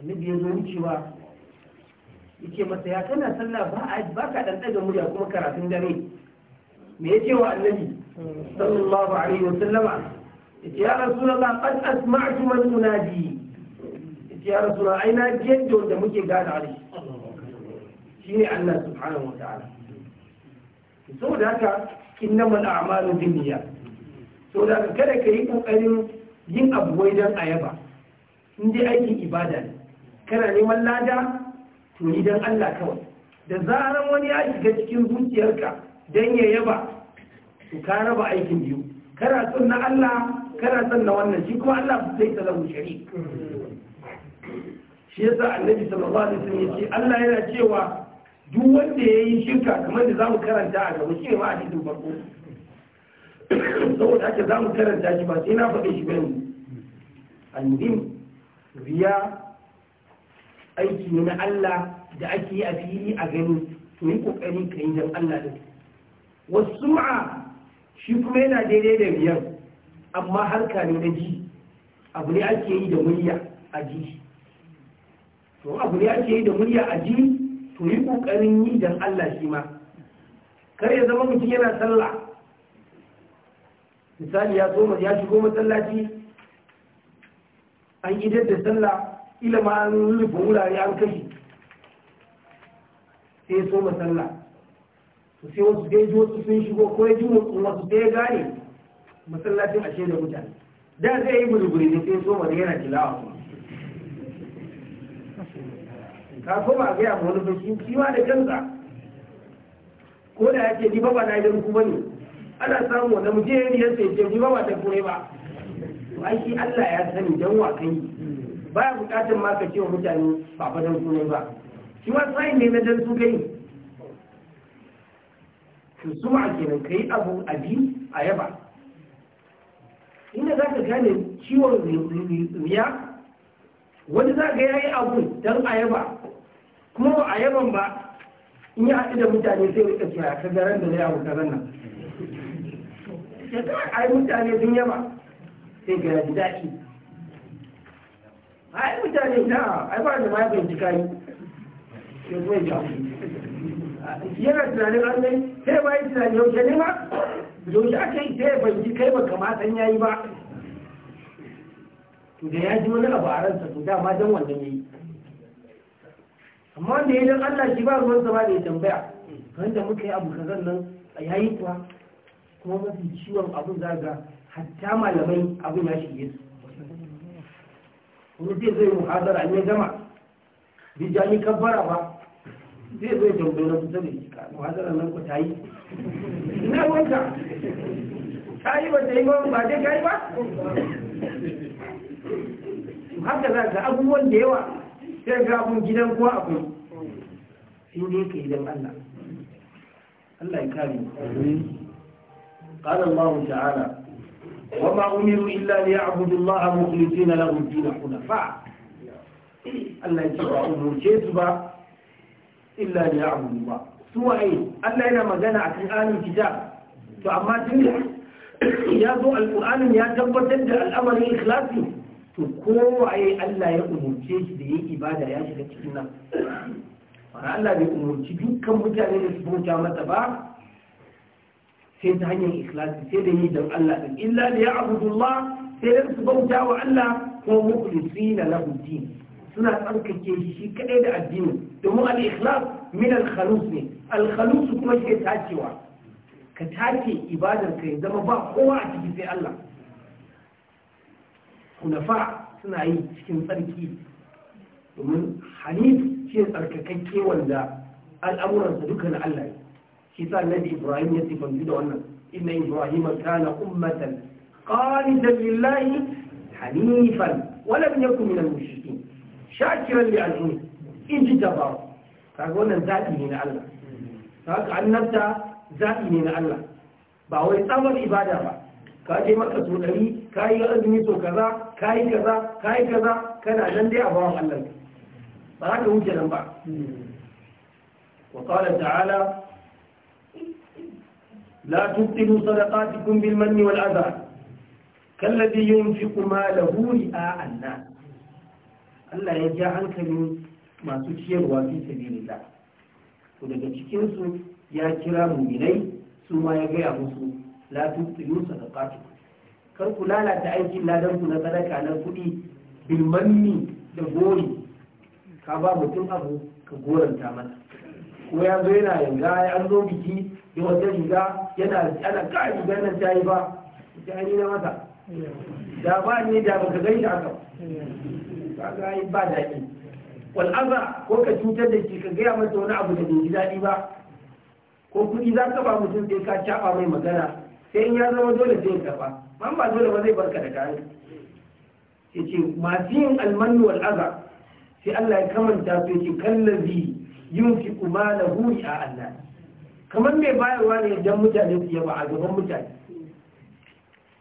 annabi ya zo wucewa yake masa ya kana sallah ba ba ka dan daga murya kuma karatun dare me ya ce wa annabi sallallahu alaihi wa sallama yace ya rasulullah qad asma'tu man unadi yace ya rasulullah ai na ji da wanda muke gada Shi shine Allah subhanahu wa ta'ala da haka innamal a'malu binniyat saboda da kada ka yi kokarin yin abu wai dan ayaba in dai aikin ibada ne kana neman lada to ni dan Allah kawai da zaran wani ya shiga cikin zuciyarka dan ya yaba to ka raba aikin biyu kana son na Allah kana son na wannan shi kuma Allah zai ta zama shari shi yasa annabi sallallahu alaihi wasallam yace Allah yana cewa duk wanda yayi shirka kamar da zamu karanta a gaba a cikin farko saboda haka zamu karanta shi ba sai na faɗe shi ba ne. annabi riya aiki ne na Allah da ake yi a fili a gani to yi kokari ka yi don Allah din wasu ma'a shi kuma yana daidai da biyan amma harka ne na ji abu ne ake yi da murya a ji to abu ne ake yi da murya a ji to yi kokarin yi don Allah shi ma kar ya zama mutum yana sallah misali ya zo ya shigo masallaci an idar da sallah ilima an rufe wurare an kashi sai ya so masalla to sai wasu dai ji wasu sun shigo ko ya ji wasu sai ya gane masallacin ashe da mutane da zai yi bulbuli da sai so mana yana tilawa ka kuma a gaya wani fashi kiwa da kansa ko da yake ni ba ba na idan kuma ne ana samu wanda mu je ne ya ce ni ba ba ta kure ba to ai shi Allah ya sani dan wa kai baya bukatar ma ka cewa mutane ba fa dan sunai ba shi ma sai ne na dan su kai to ake ma kenan kai abu abi a yaba inda za ka gane ciwon riya wani za ga yayi abu dan a yaba kuma ba a yaban ba in ya haɗu da mutane sai rika cewa ka garan da zai abu ka nan ai mutane sun yaba sai ga daɗi ai mutane na ai ba da ma ya zo ya yana tunanin an gani sai ba yi tunanin yaushe ne ma yaushe aka yi sai ban ji kai ba ya yi ba to da ya ji wani abu a ransa to dama dan wannan yi amma wanda ya Allah shi ba ruwan zama ba da ya tambaya wanda muka yi abu kazan nan a yayi kuwa kuma mafi ciwon abun zaga hatta malamai abun ya shige su rufe zai muhadara ya gama bijani kabbara ba zai zai jambe na kusa da jika muhadara nan ku ta yi ina wanka ta yi wata ta yi ba ba dai ka yi ba haka za ga abubuwan da yawa sai ga abun gidan kuwa abu in ne ka yi don Allah Allah ya kare mu قال الله تعالى وما أمروا إلا ليعبدوا الله مخلصين له الدين حنفاء Allah ya ce ba umurce su ba illa da ya su waye Allah yana magana a kan alin to amma tun ya zo alƙur'anin ya tabbatar da al'amarin ikhlasi to kowaye Allah ya umurce shi da yayi ibada ya shiga cikin nan Allah bai umurci dukkan mutane da su bauta mata ba sai ta hanyar ikhlasi sai da yi don Allah din illa da ya abudullah sai da su bauta wa Allah ko mukhlisina lahu din suna tsarkake shi shi kadai da addini domin al-ikhlas min al-khalus ne al-khalus kuma shi tacewa ka take ibadar ka ya zama ba kowa a ciki sai Allah hunafa suna yi cikin tsarki domin hanif shi tsarkakakke wanda al'amuransa duka na Allah كتاب النبي إبراهيم يتفن جدا إن إبراهيم كان أمة قالدا لله حنيفا ولم يكن من المشركين شاكرا لعلمه إن جدا بار فأقولنا ذاتي من الله فأقعنبت ذاتي من الله بأوي تمر إبادة با. kaje maka tunani kai ga azumi to kaza kai kaza kai kaza kana nan dai abawa Allah ba za وقال تعالى لا تبطلوا صدقاتكم بالمن والأذى كالذي ينفق ماله رئاء الناس Allah ya ja hankali masu ciyarwa fi da. to daga cikinsu ya kira muminai su ma ya gaya musu la tubtilu sadaqatukum kar ku lalata aikin ladan ku na sadaka na kuɗi bilmanni da gori ka ba mutum abu ka goranta masa ko ya zo yana yanga ya an zo biki da wata riga yana ana kai ga nan ta yi ba ta na masa da ba ne da ka gani da haka ba ga yi ba daɗi wal'aza ko ka cutar da shi ka gaya masa wani abu da bai ji daɗi ba ko kuɗi za ka ba mutum sai ka caɓa mai magana sai in ya zama dole sai ka ba man ba dole ba zai barka da kayan ya ce masu yin almanni wal'aza sai Allah ya kamanta su ya ce kallazi na malahu a Allah kamar mai bayarwa ne dan mutane su yaba a gaban mutane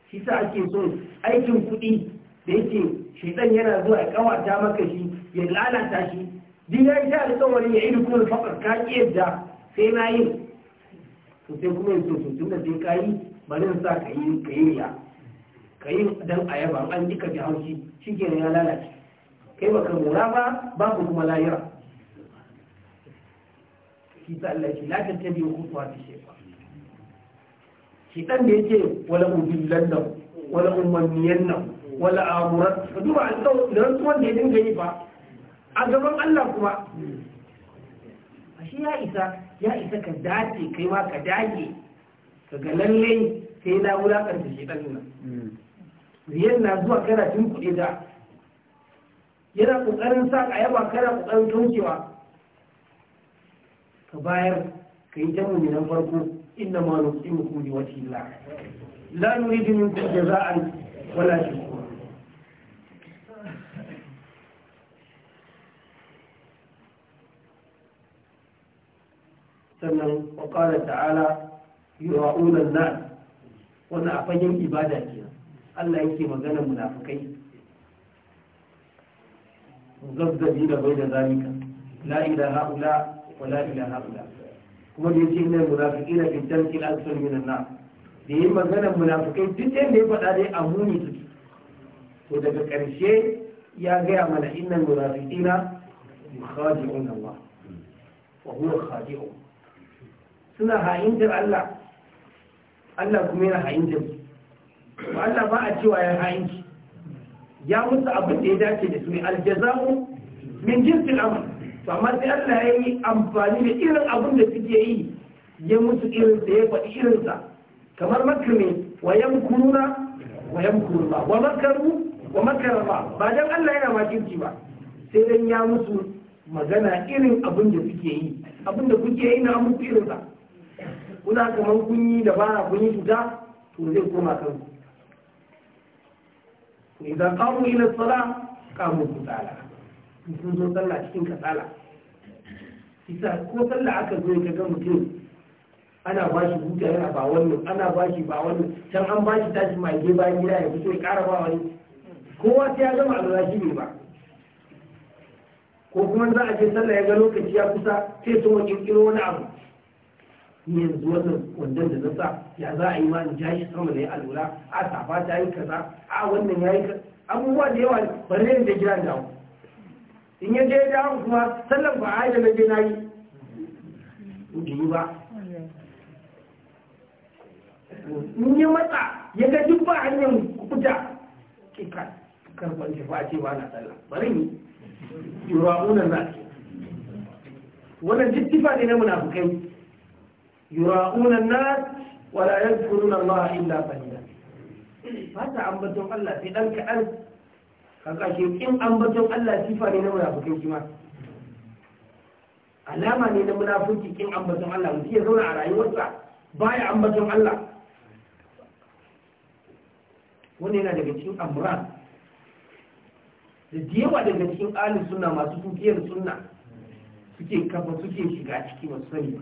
shi sa ake so aikin kuɗi da yake shaitan yana zuwa ya kawata maka shi ya lalata shi din ya yi ta alƙawarin ya idu kuma faɗar ka yadda sai na yin to sai kuma yin so tun da sai ka yi sa ka yi ka yi ya ka yi dan ayaba an ji ka ji haushi shi ya lalace kai baka mura ba babu kuma layira shi sa Allah ce la tattabi khutuwat shi ɗan da yake wala ubillanna wala ummanniyanna wala amurat ka duba alƙawarin da rantsuwan wanda ya dinga yi ba a gaban Allah kuma ashe ya isa ya isa ka dace kai ma ka dage ka ga lalle sai na wulakar da shi ɗan nan riyar na zuwa kana tun kuɗi da yana ƙoƙarin sa a yaba kana ƙoƙarin kaucewa ka bayar ka yi ta na farko inna ma nuqimukum li wajhi Allah la da minkum jaza'an wala shukura sannan wa qala ta'ala yura'una an-nas wani a fagen ibada kenan Allah yake magana munafikai bai da ذلك لا إلى هؤلاء wala ila haula kuma da yake nan munafiqina fi tarki al-asfal min an-nar da yin maganar duk da ya faɗa dai a muni suke to daga ƙarshe ya gaya mana innal munafiqina yukhadi'un Allah ha'intar Allah Allah kuma yana ha'intar su ba Allah ba a cewa ya ha'inci ya musu abin da ya dace da su ne aljaza'u min jinsil amal kamar da Allah ya yi amfani da irin abin da suke yi ya mutu irin da ya faɗi irinsa kamar makar ne wa kuruna wa kuruna wa makaru wa makara ba ba dan Allah yana makinci ba sai dan ya mutu magana irin abin da suke yi abin da kuke yi na muku irinsa kuna kamar kun yi da ba kun yi cuta to zai koma kanku idan qamu ila salat qamu kusala sun zo sallah cikin kasala isa ko sallah aka zo ka ga mutum ana ba shi huta yana ba wannan ana ba shi ba wannan can an ba shi tashi ke ba gida ya fito ya kara ba wani kowa sai ya gama alwala shi ne ba ko kuma za a je sallah ya ga lokaci ya kusa sai su wa kirkiro wani abu yanzu wannan wandon da na sa ya za a yi ma ni ja sama da ya alwala a safa ta yi kaza a wannan ya yi abubuwa da yawa bare da gida dawo in ya je ya kuma sallan ba a yi da na je na yi yi ba in yi matsa ya ga duk ba hanyar kuta kika karban a ce ba na sallan bari ni yura'unan na ce wannan jittifa ne na munafukai unan na wala yadkuruna Allah illa qalila ba ta ambaton Allah sai dan kaɗan kakashe in an ambaton Allah sifa ne na munafukin shi ma alama ne na in an ambaton Allah mutum ya zauna a rayuwarsa baya ambaton Allah wannan yana daga cikin amran da yawa daga cikin ahlus sunna masu tufiyar sunna suke kafa suke shiga ciki masu sani ba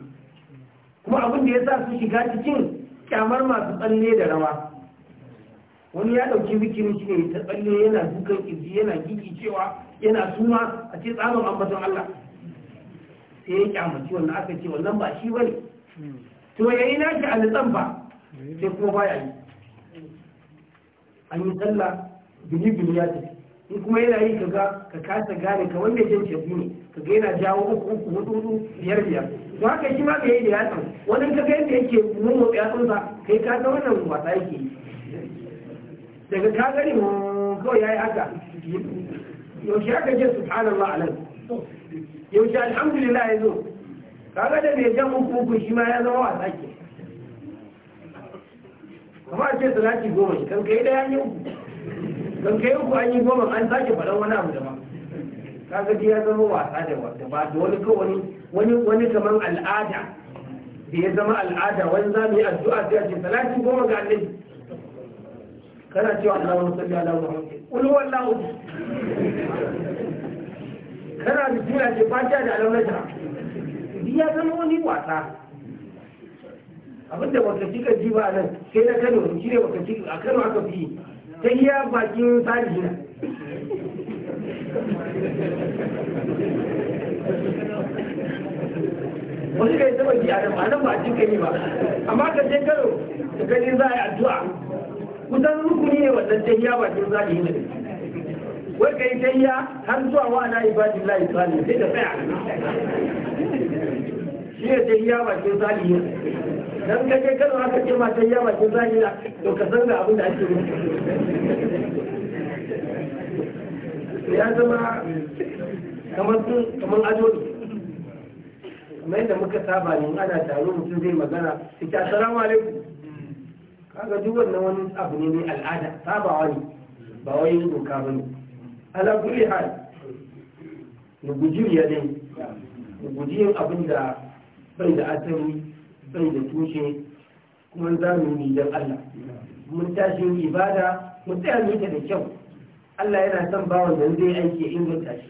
kuma abin da ya sa su shiga cikin kyamar masu tsalle da rawa wani ya dauki miki shi ne ta tsalle yana dukan kirji yana gigi cewa yana suma a ce tsarin ambaton Allah sai ya kyamaci wannan aka ce wannan ba shi bane to ya yi naki a alitsan ba sai kuma baya yi an yi sallah bini bini ya tafi in kuma yana yi kaga ka kasa gane ka wanda jan shafi ne kaga yana jawo uku uku hudu hudu biyar biyar to haka shi ma bai yi da yatsan wani kaga yadda yake mummu yatsunsa kai ka ta wannan wasa yake yi daga ka gani kawai ya yi haka yaushe aka ce subhanallah alai yaushe alhamdulillah ya zo kaga da mai jan uku uku shi ma ya zama wasa ke kuma a ce salati goma shi kan kai daya ne uku kan kai uku an yi goma an sake faɗan wani abu da ba kaga dai ya zama wasa da wasa ba da wani kawai wani wani kamar al'ada da ya zama al'ada wani za mu yi addu'a sai a ce salati goma ga annabi kana cewa Allahumma salli ala Muhammad kul Allah kana da jira ce fatiha da ta. ya zama wani wasa abinda baka ci ka ji ba nan sai na Kano shi ne wata kika a Kano aka fi ta iya bakin tarihi na wasu kai saboda ji a nan ba a cikin kai ba amma ka je Kano da za a yi addu'a kusan rukuni ne wannan tayya ba kin zaki ne wai kai tayya har zuwa wa na ibadillahi salih sai da tsaya shi ne tayya ba kin zaki ne dan ka je kano aka ce ma tayya ba kin zaki na to ka san da abin da ake yi ya zama kamar kamar ajo kamar yadda muka saba ne ana taro mutum zai magana ita assalamu alaikum kaga duk wannan wani abu ne mai al'ada sabawa ne ba wai yin doka ba ne ala kulli hal mu guji ya dai mu guji yin abin da bai da asali bai da tushe kuma za mu yi don Allah mun tashi yin ibada mu tsaya mu da kyau Allah yana son bawan da zai aiki ya inganta shi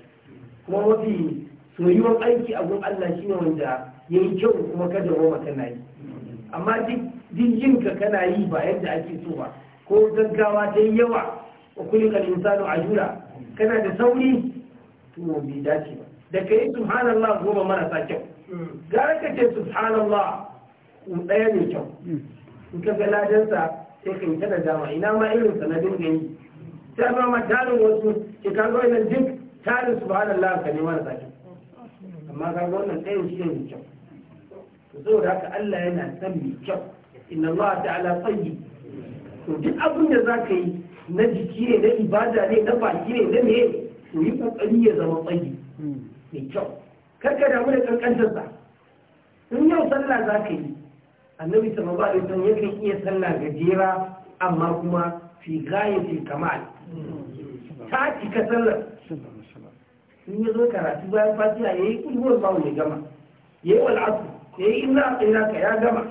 kuma mafi soyuwar aiki a gun Allah shine wanda yayi kyau kuma kada wa ta na yi amma duk jin ka kana yi ba yadda ake so ba ko gaggawa ta yi yawa a kulikar insanu a jura kana da sauri to bai dace ba da ka yi subhanallah goma marasa kyau gara ka ce subhanallah ɗaya mai kyau in ka ga ladansa sai ka yi ta da dama ina ma irin sanadin yi ta ma ma tarin wasu ke ka ga wannan duk tarin subhanallah ka ne marasa kyau amma ka ga wannan tsayin shi ne kyau to saboda haka Allah yana san mai kyau inna Allah ta'ala tsayi to duk abin da za yi na jiki ne na ibada ne na baki ne na meye to yi kokari ya zama tsayi mai kyau karka damu da kankantar sa in yau sallah za yi annabi sallallahu alaihi wasallam yakan iya sallah gajera amma kuma fi ghayati kamal ta cika sallar in ya zo karatu bayan fatiha yayi kulhuwar bawo ya gama yayi wal asr yayi inna ilaika ya gama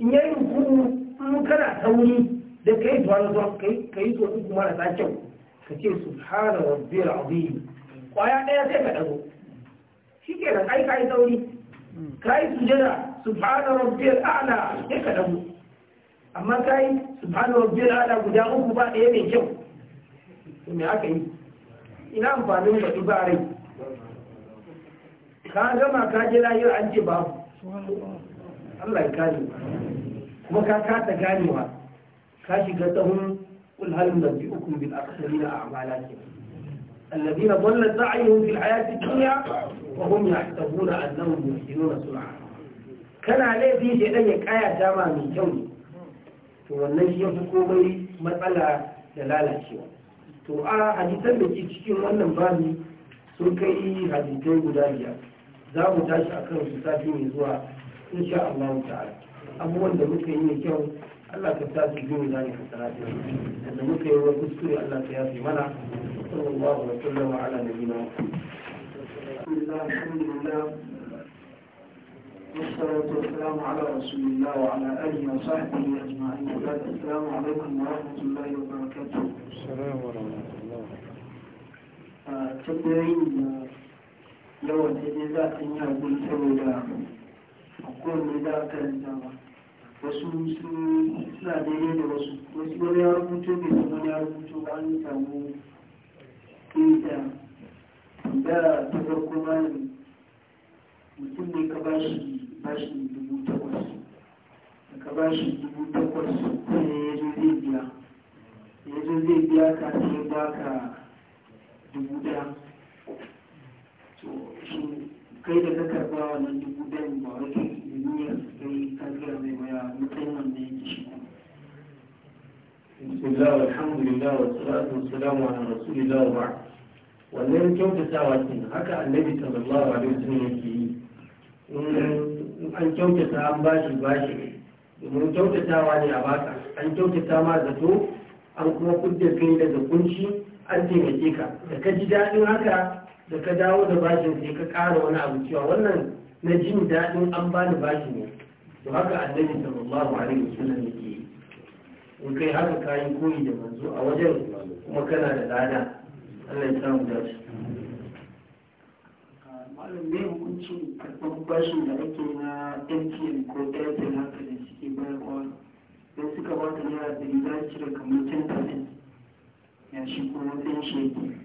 in yayi mun in kana sauri da kai tuwa zuwa kai kai so duk mara ta kyau ka ce subhana rabbil azim kwaya daya sai ka dago nan ai kai sauri kai sujada subhana rabbil a'la sai ka dago amma kai subhana rabbil a'la guda uku ba daya mai kyau to me aka yi ina amfanin da ibarai ka gama ka jira lahira an ce babu Allah ya kare kuma ka kasa ganewa ka shiga tahun kul bi nabiyukum bil akhsarina a'mala الذين ضل سعيهم في الحياة الدنيا ya يحسبون أنهم Kana laifi كان dan ya kaya dama mai kyau ne. To wannan shi ya komai matsala da lalacewa to a hadisan da ke cikin wannan babi sun kai hadisai guda biyar za mu tashi a kan su safi mai zuwa إن شاء الله تعالى أقول لك إني جو الله تبتاك جوني داني حسنات دمتك هو كسكري الله تياسي منع صلى الله وسلم على نبينا بسم الله الحمد لله والصلاة والسلام على رسول الله وعلى آله وصحبه أجمعين السلام عليكم ورحمة الله وبركاته السلام ورحمة الله وبركاته تبدأين يوم تجيزات يوم ne za a karanta ba wasu suna daidai da wasu wasu wani ya rubuto bai san ya rubuto ba an samu ƙeta da ta farko ne mutum ne ka ba shi bashin dubu takwas da ka ba shi dubu takwas sai ya zo zai biya ya zo zai biya ka sai ba ka dubu da, to shi kai da ka karɓa wannan dubu ɗayan ba wai nuna sai yake alhamdulillah wannan kyautatawa ce haka annabi sallallahu alaihi wasallam yake yi in an kyautata an bashi bashi domin kyautatawa ne a baka an kyautata ma zato an kuma kudda kai daga kunci an taimake ka da ka ji daɗin haka da ka dawo da bashin sai ka ƙara wani abu cewa wannan na jin daɗin an bani bashi ne to haka annabi sallallahu alaihi wasallam yake in kai haka kayi koyi da manzo a wajen kuma kana da lada Allah ya samu dace malam ne hukuncin karɓar bashin da ake na MTN ko Airtel haka da suke bayarwa don suka ba ta naira ɗari za su cire kamar 10% ya shi kuma sai shi yake.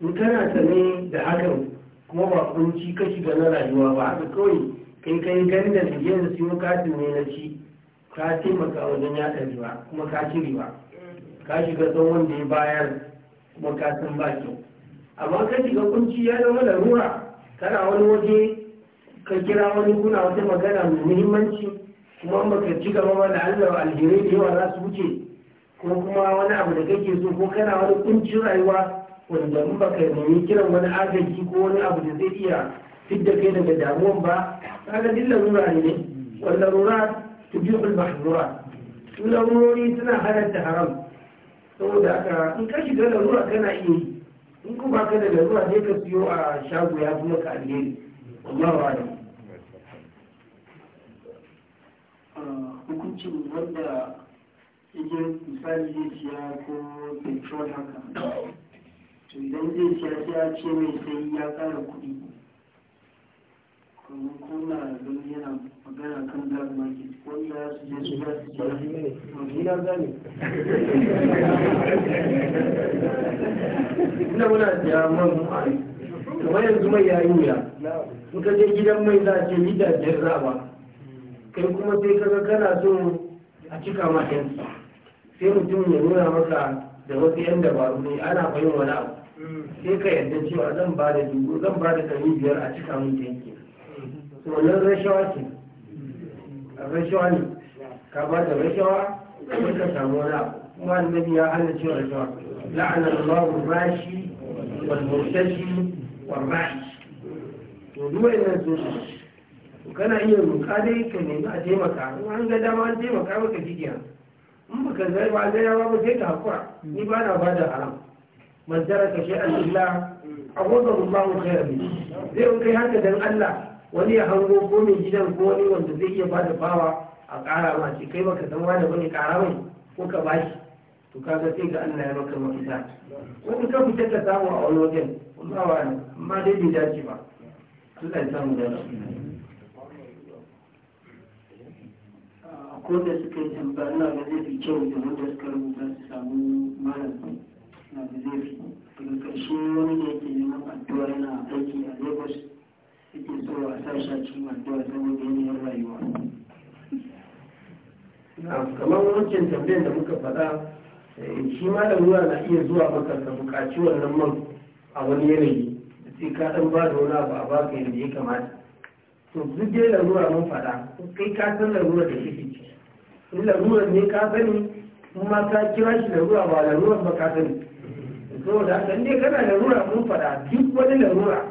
In kana sane da hakan kuma ba kunci ka shiga na rayuwa ba haka kawai kai kai gandar da da siyo katin ne na ci ka taimaka wajen ɗari ba kuma ka ci riba ka shiga tsawon da ya bayar kuma ka san ba kyau amma ka shiga kunci ya zama ruwa kana wani waje ka kira wani kuna wata magana mai muhimmanci kuma baka ci gaba ba da allah alheri da yawa za su wuce ko kuma wani abu da kake so ko kana wani kuncin rayuwa wanda in baka nemi kiran wani agaji ko wani abu da zai iya fidda kai daga damuwan ba kaga dilla rura ne wanda rura tujihul mahdura larurori suna halatta haram saboda aka in ka shiga larura kana iya yi in ku ka da rura ne ka siyo a shago ya fi maka alheri Allah wa ne ah, hukuncin wanda yake misali zai siya ko petrol haka idan zai siya sai a ce mai sai ya kara kuɗi kuma kuma don yana magana kan black market wanda su je su za su ce gina zane ina muna siya man mai kamar yanzu mai ya yi wuya muka je gidan mai za a ce ni da biyar kai kuma sai kaga kana so a cika ma yanzu sai mutum ya nuna maka da wasu yan dabaru ne ana bayan wani abu sai ka yarda cewa zan ba da dubu zan ba da ɗari biyar a cika mun tanki to wannan rashawa ce rashawa ne ka ba da rashawa sai ka samu wani abu kuma annabi ya hana cewa rashawa la'ana Allahu rashi wal murtashi wal rashi to duk wannan so kana iya ruka dai ka nemi a taimaka in an ga dama an taimaka maka jigiya in baka zai ba zai ba sai ka hakura ni ba na ba da haram من ترك شيئا لله aghadahu الله khairan zai kai haka dan Allah wani ya hango ko mai gidan ko wani wanda zai iya bada bawa a ƙara ma ce kai baka san wani bane ƙara mai ko ka bashi to kaga sai ga Allah ya maka mafita wani ka fita ka samu a wani wajen ba ko da suka yi tambaya na ga zai fi kyau da wanda suka rubuta su samu malam na da daga ƙarshe wani da yake neman addu'a yana aiki a lagos yake so a sa shi a cikin addu'a saboda yanayin rayuwa kamar wancan tambayar da muka faɗa eh, shi da ruwa na iya zuwa maka ka buƙaci wannan man a wani yanayi sai ka ɗan ba da wani abu a baka yadda ya kamata to duk dai larura mun faɗa kai ka san larura da kake ciki in larura ne ka sani kuma ka kira shi larura ba larura ba ka sani saboda haka inda kana larura mun fada duk wani larura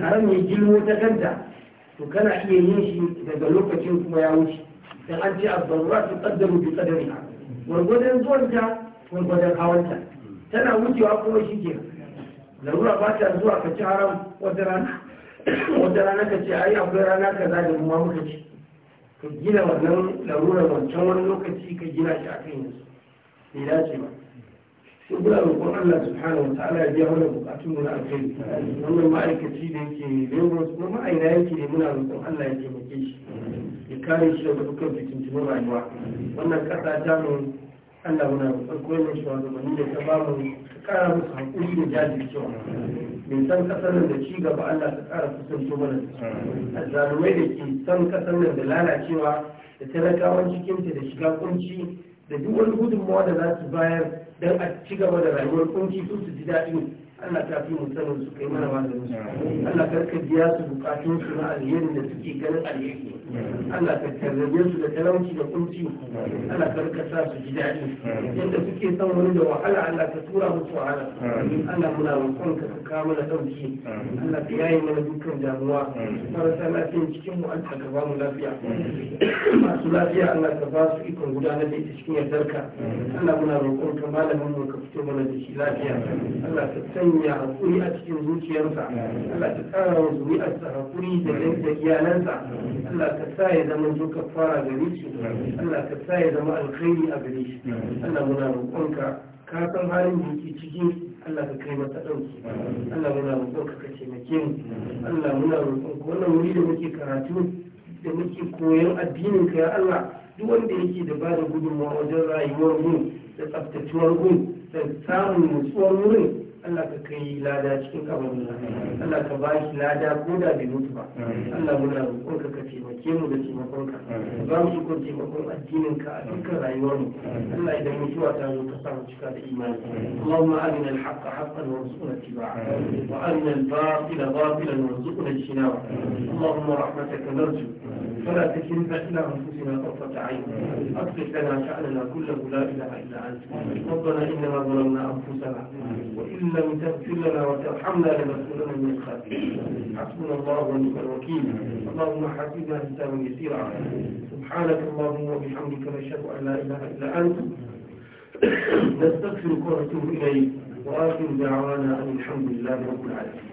haram ya gilmo ta kanta to kana iya yin shi daga lokacin kuma ya wuce dan an ce abdarura su kaddaru bi kadariha gwargwadon zuwanta gwargwadon hawanta tana wucewa kuma shi ke larura ba ta zuwa ka ci haram wata rana wata rana ka ce ai akwai rana ka kaza da kuma muka ci ka gina wannan larura wancan wani lokaci ka gina shi a kan yanzu bai dace ba to muna roƙon Allah subhanahu wataala ya biya mana bukatun mu na alkhairi wannan ma'aikaci da yake Lagos kuma ma'aina yake ne muna roƙon Allah ya taimake shi ya kare shi daga dukkan fitintunan rayuwa wannan ƙasa ta mu Allah muna roƙon koyon shi wanda mun da ta ba mu ta kara musu hakuri da jajircewa mai san kasar nan da ci gaba Allah ta kara kusanto mana a zalumai da ke san kasar nan da lalacewa da talakawan cikinta da shiga kunci da duk wani gudunmawa da za su bayar don a ci gaba da rayuwar kunki su su ji daɗi Allah ta fi musamman su kai mana maganin su Allah karka biya su bukatun su na alherin da suke ganin alheri Allah ka karrabe su da talauci da kunci Allah ka rika su ji daɗi yadda suke son wani da wahala Allah ka tura musu wahala Allah muna roƙon ka ka mana ɗauki Allah ka yaye mana dukkan damuwa marasa lafiyan cikin mu Allah ka ba mu lafiya masu lafiya Allah ka ba su ikon gudanar da ita cikin yardarka Allah muna roƙon ka malamin mu ka fito mana da shi lafiya Allah ka sanya hakuri a cikin zuciyarsa Allah ka ƙara wa zuri'arsa hakuri da iyalansa Allah ka ka sa ya zama zo ka fara gare shi Allah ka sa ya zama alkhairi a gare shi Allah muna roƙonka ka san halin da yake cikin Allah ka kai masa ɗauki Allah muna roƙon ka kace mu Allah muna roƙon ka wannan wuri da muke karatu da muke koyon addinin ka ya Allah duk wanda yake da ba da gudunmawa wajen rayuwar mu da tsaftatuwar mu da samun nutsuwar wurin Allah ka kai lada cikin kabarin Allah ka ba shi lada ko da bai mutu ba Allah muna roƙon ka ka taimake mu da taimakon ka ba mu ikon taimakon addinin ka a dukkan rayuwar mu Allah idan mutuwa ta zo ka samu cika da imani Allahumma arina al-haqqa haqqan warzuqna ittiba'a wa arina al-batila batilan warzuqna ijtinaba Allahumma rahmataka narju فلا تكلف الا أنفسنا طرفة عين اقصد لنا شأننا كله لا إله إلا أنت ربنا انما ظلمنا أنفسنا وإن لم تغفر لنا وترحمنا لنكونن من الخاسرين حسبنا الله ونعم الوكيل اللهم حاسبنا حسابا يسيرا سبحانك اللهم وبحمدك نشهد أن لا إله إلا أنت نستغفرك ونتوب إليك وآخر دعوانا أن الحمد لله رب العالمين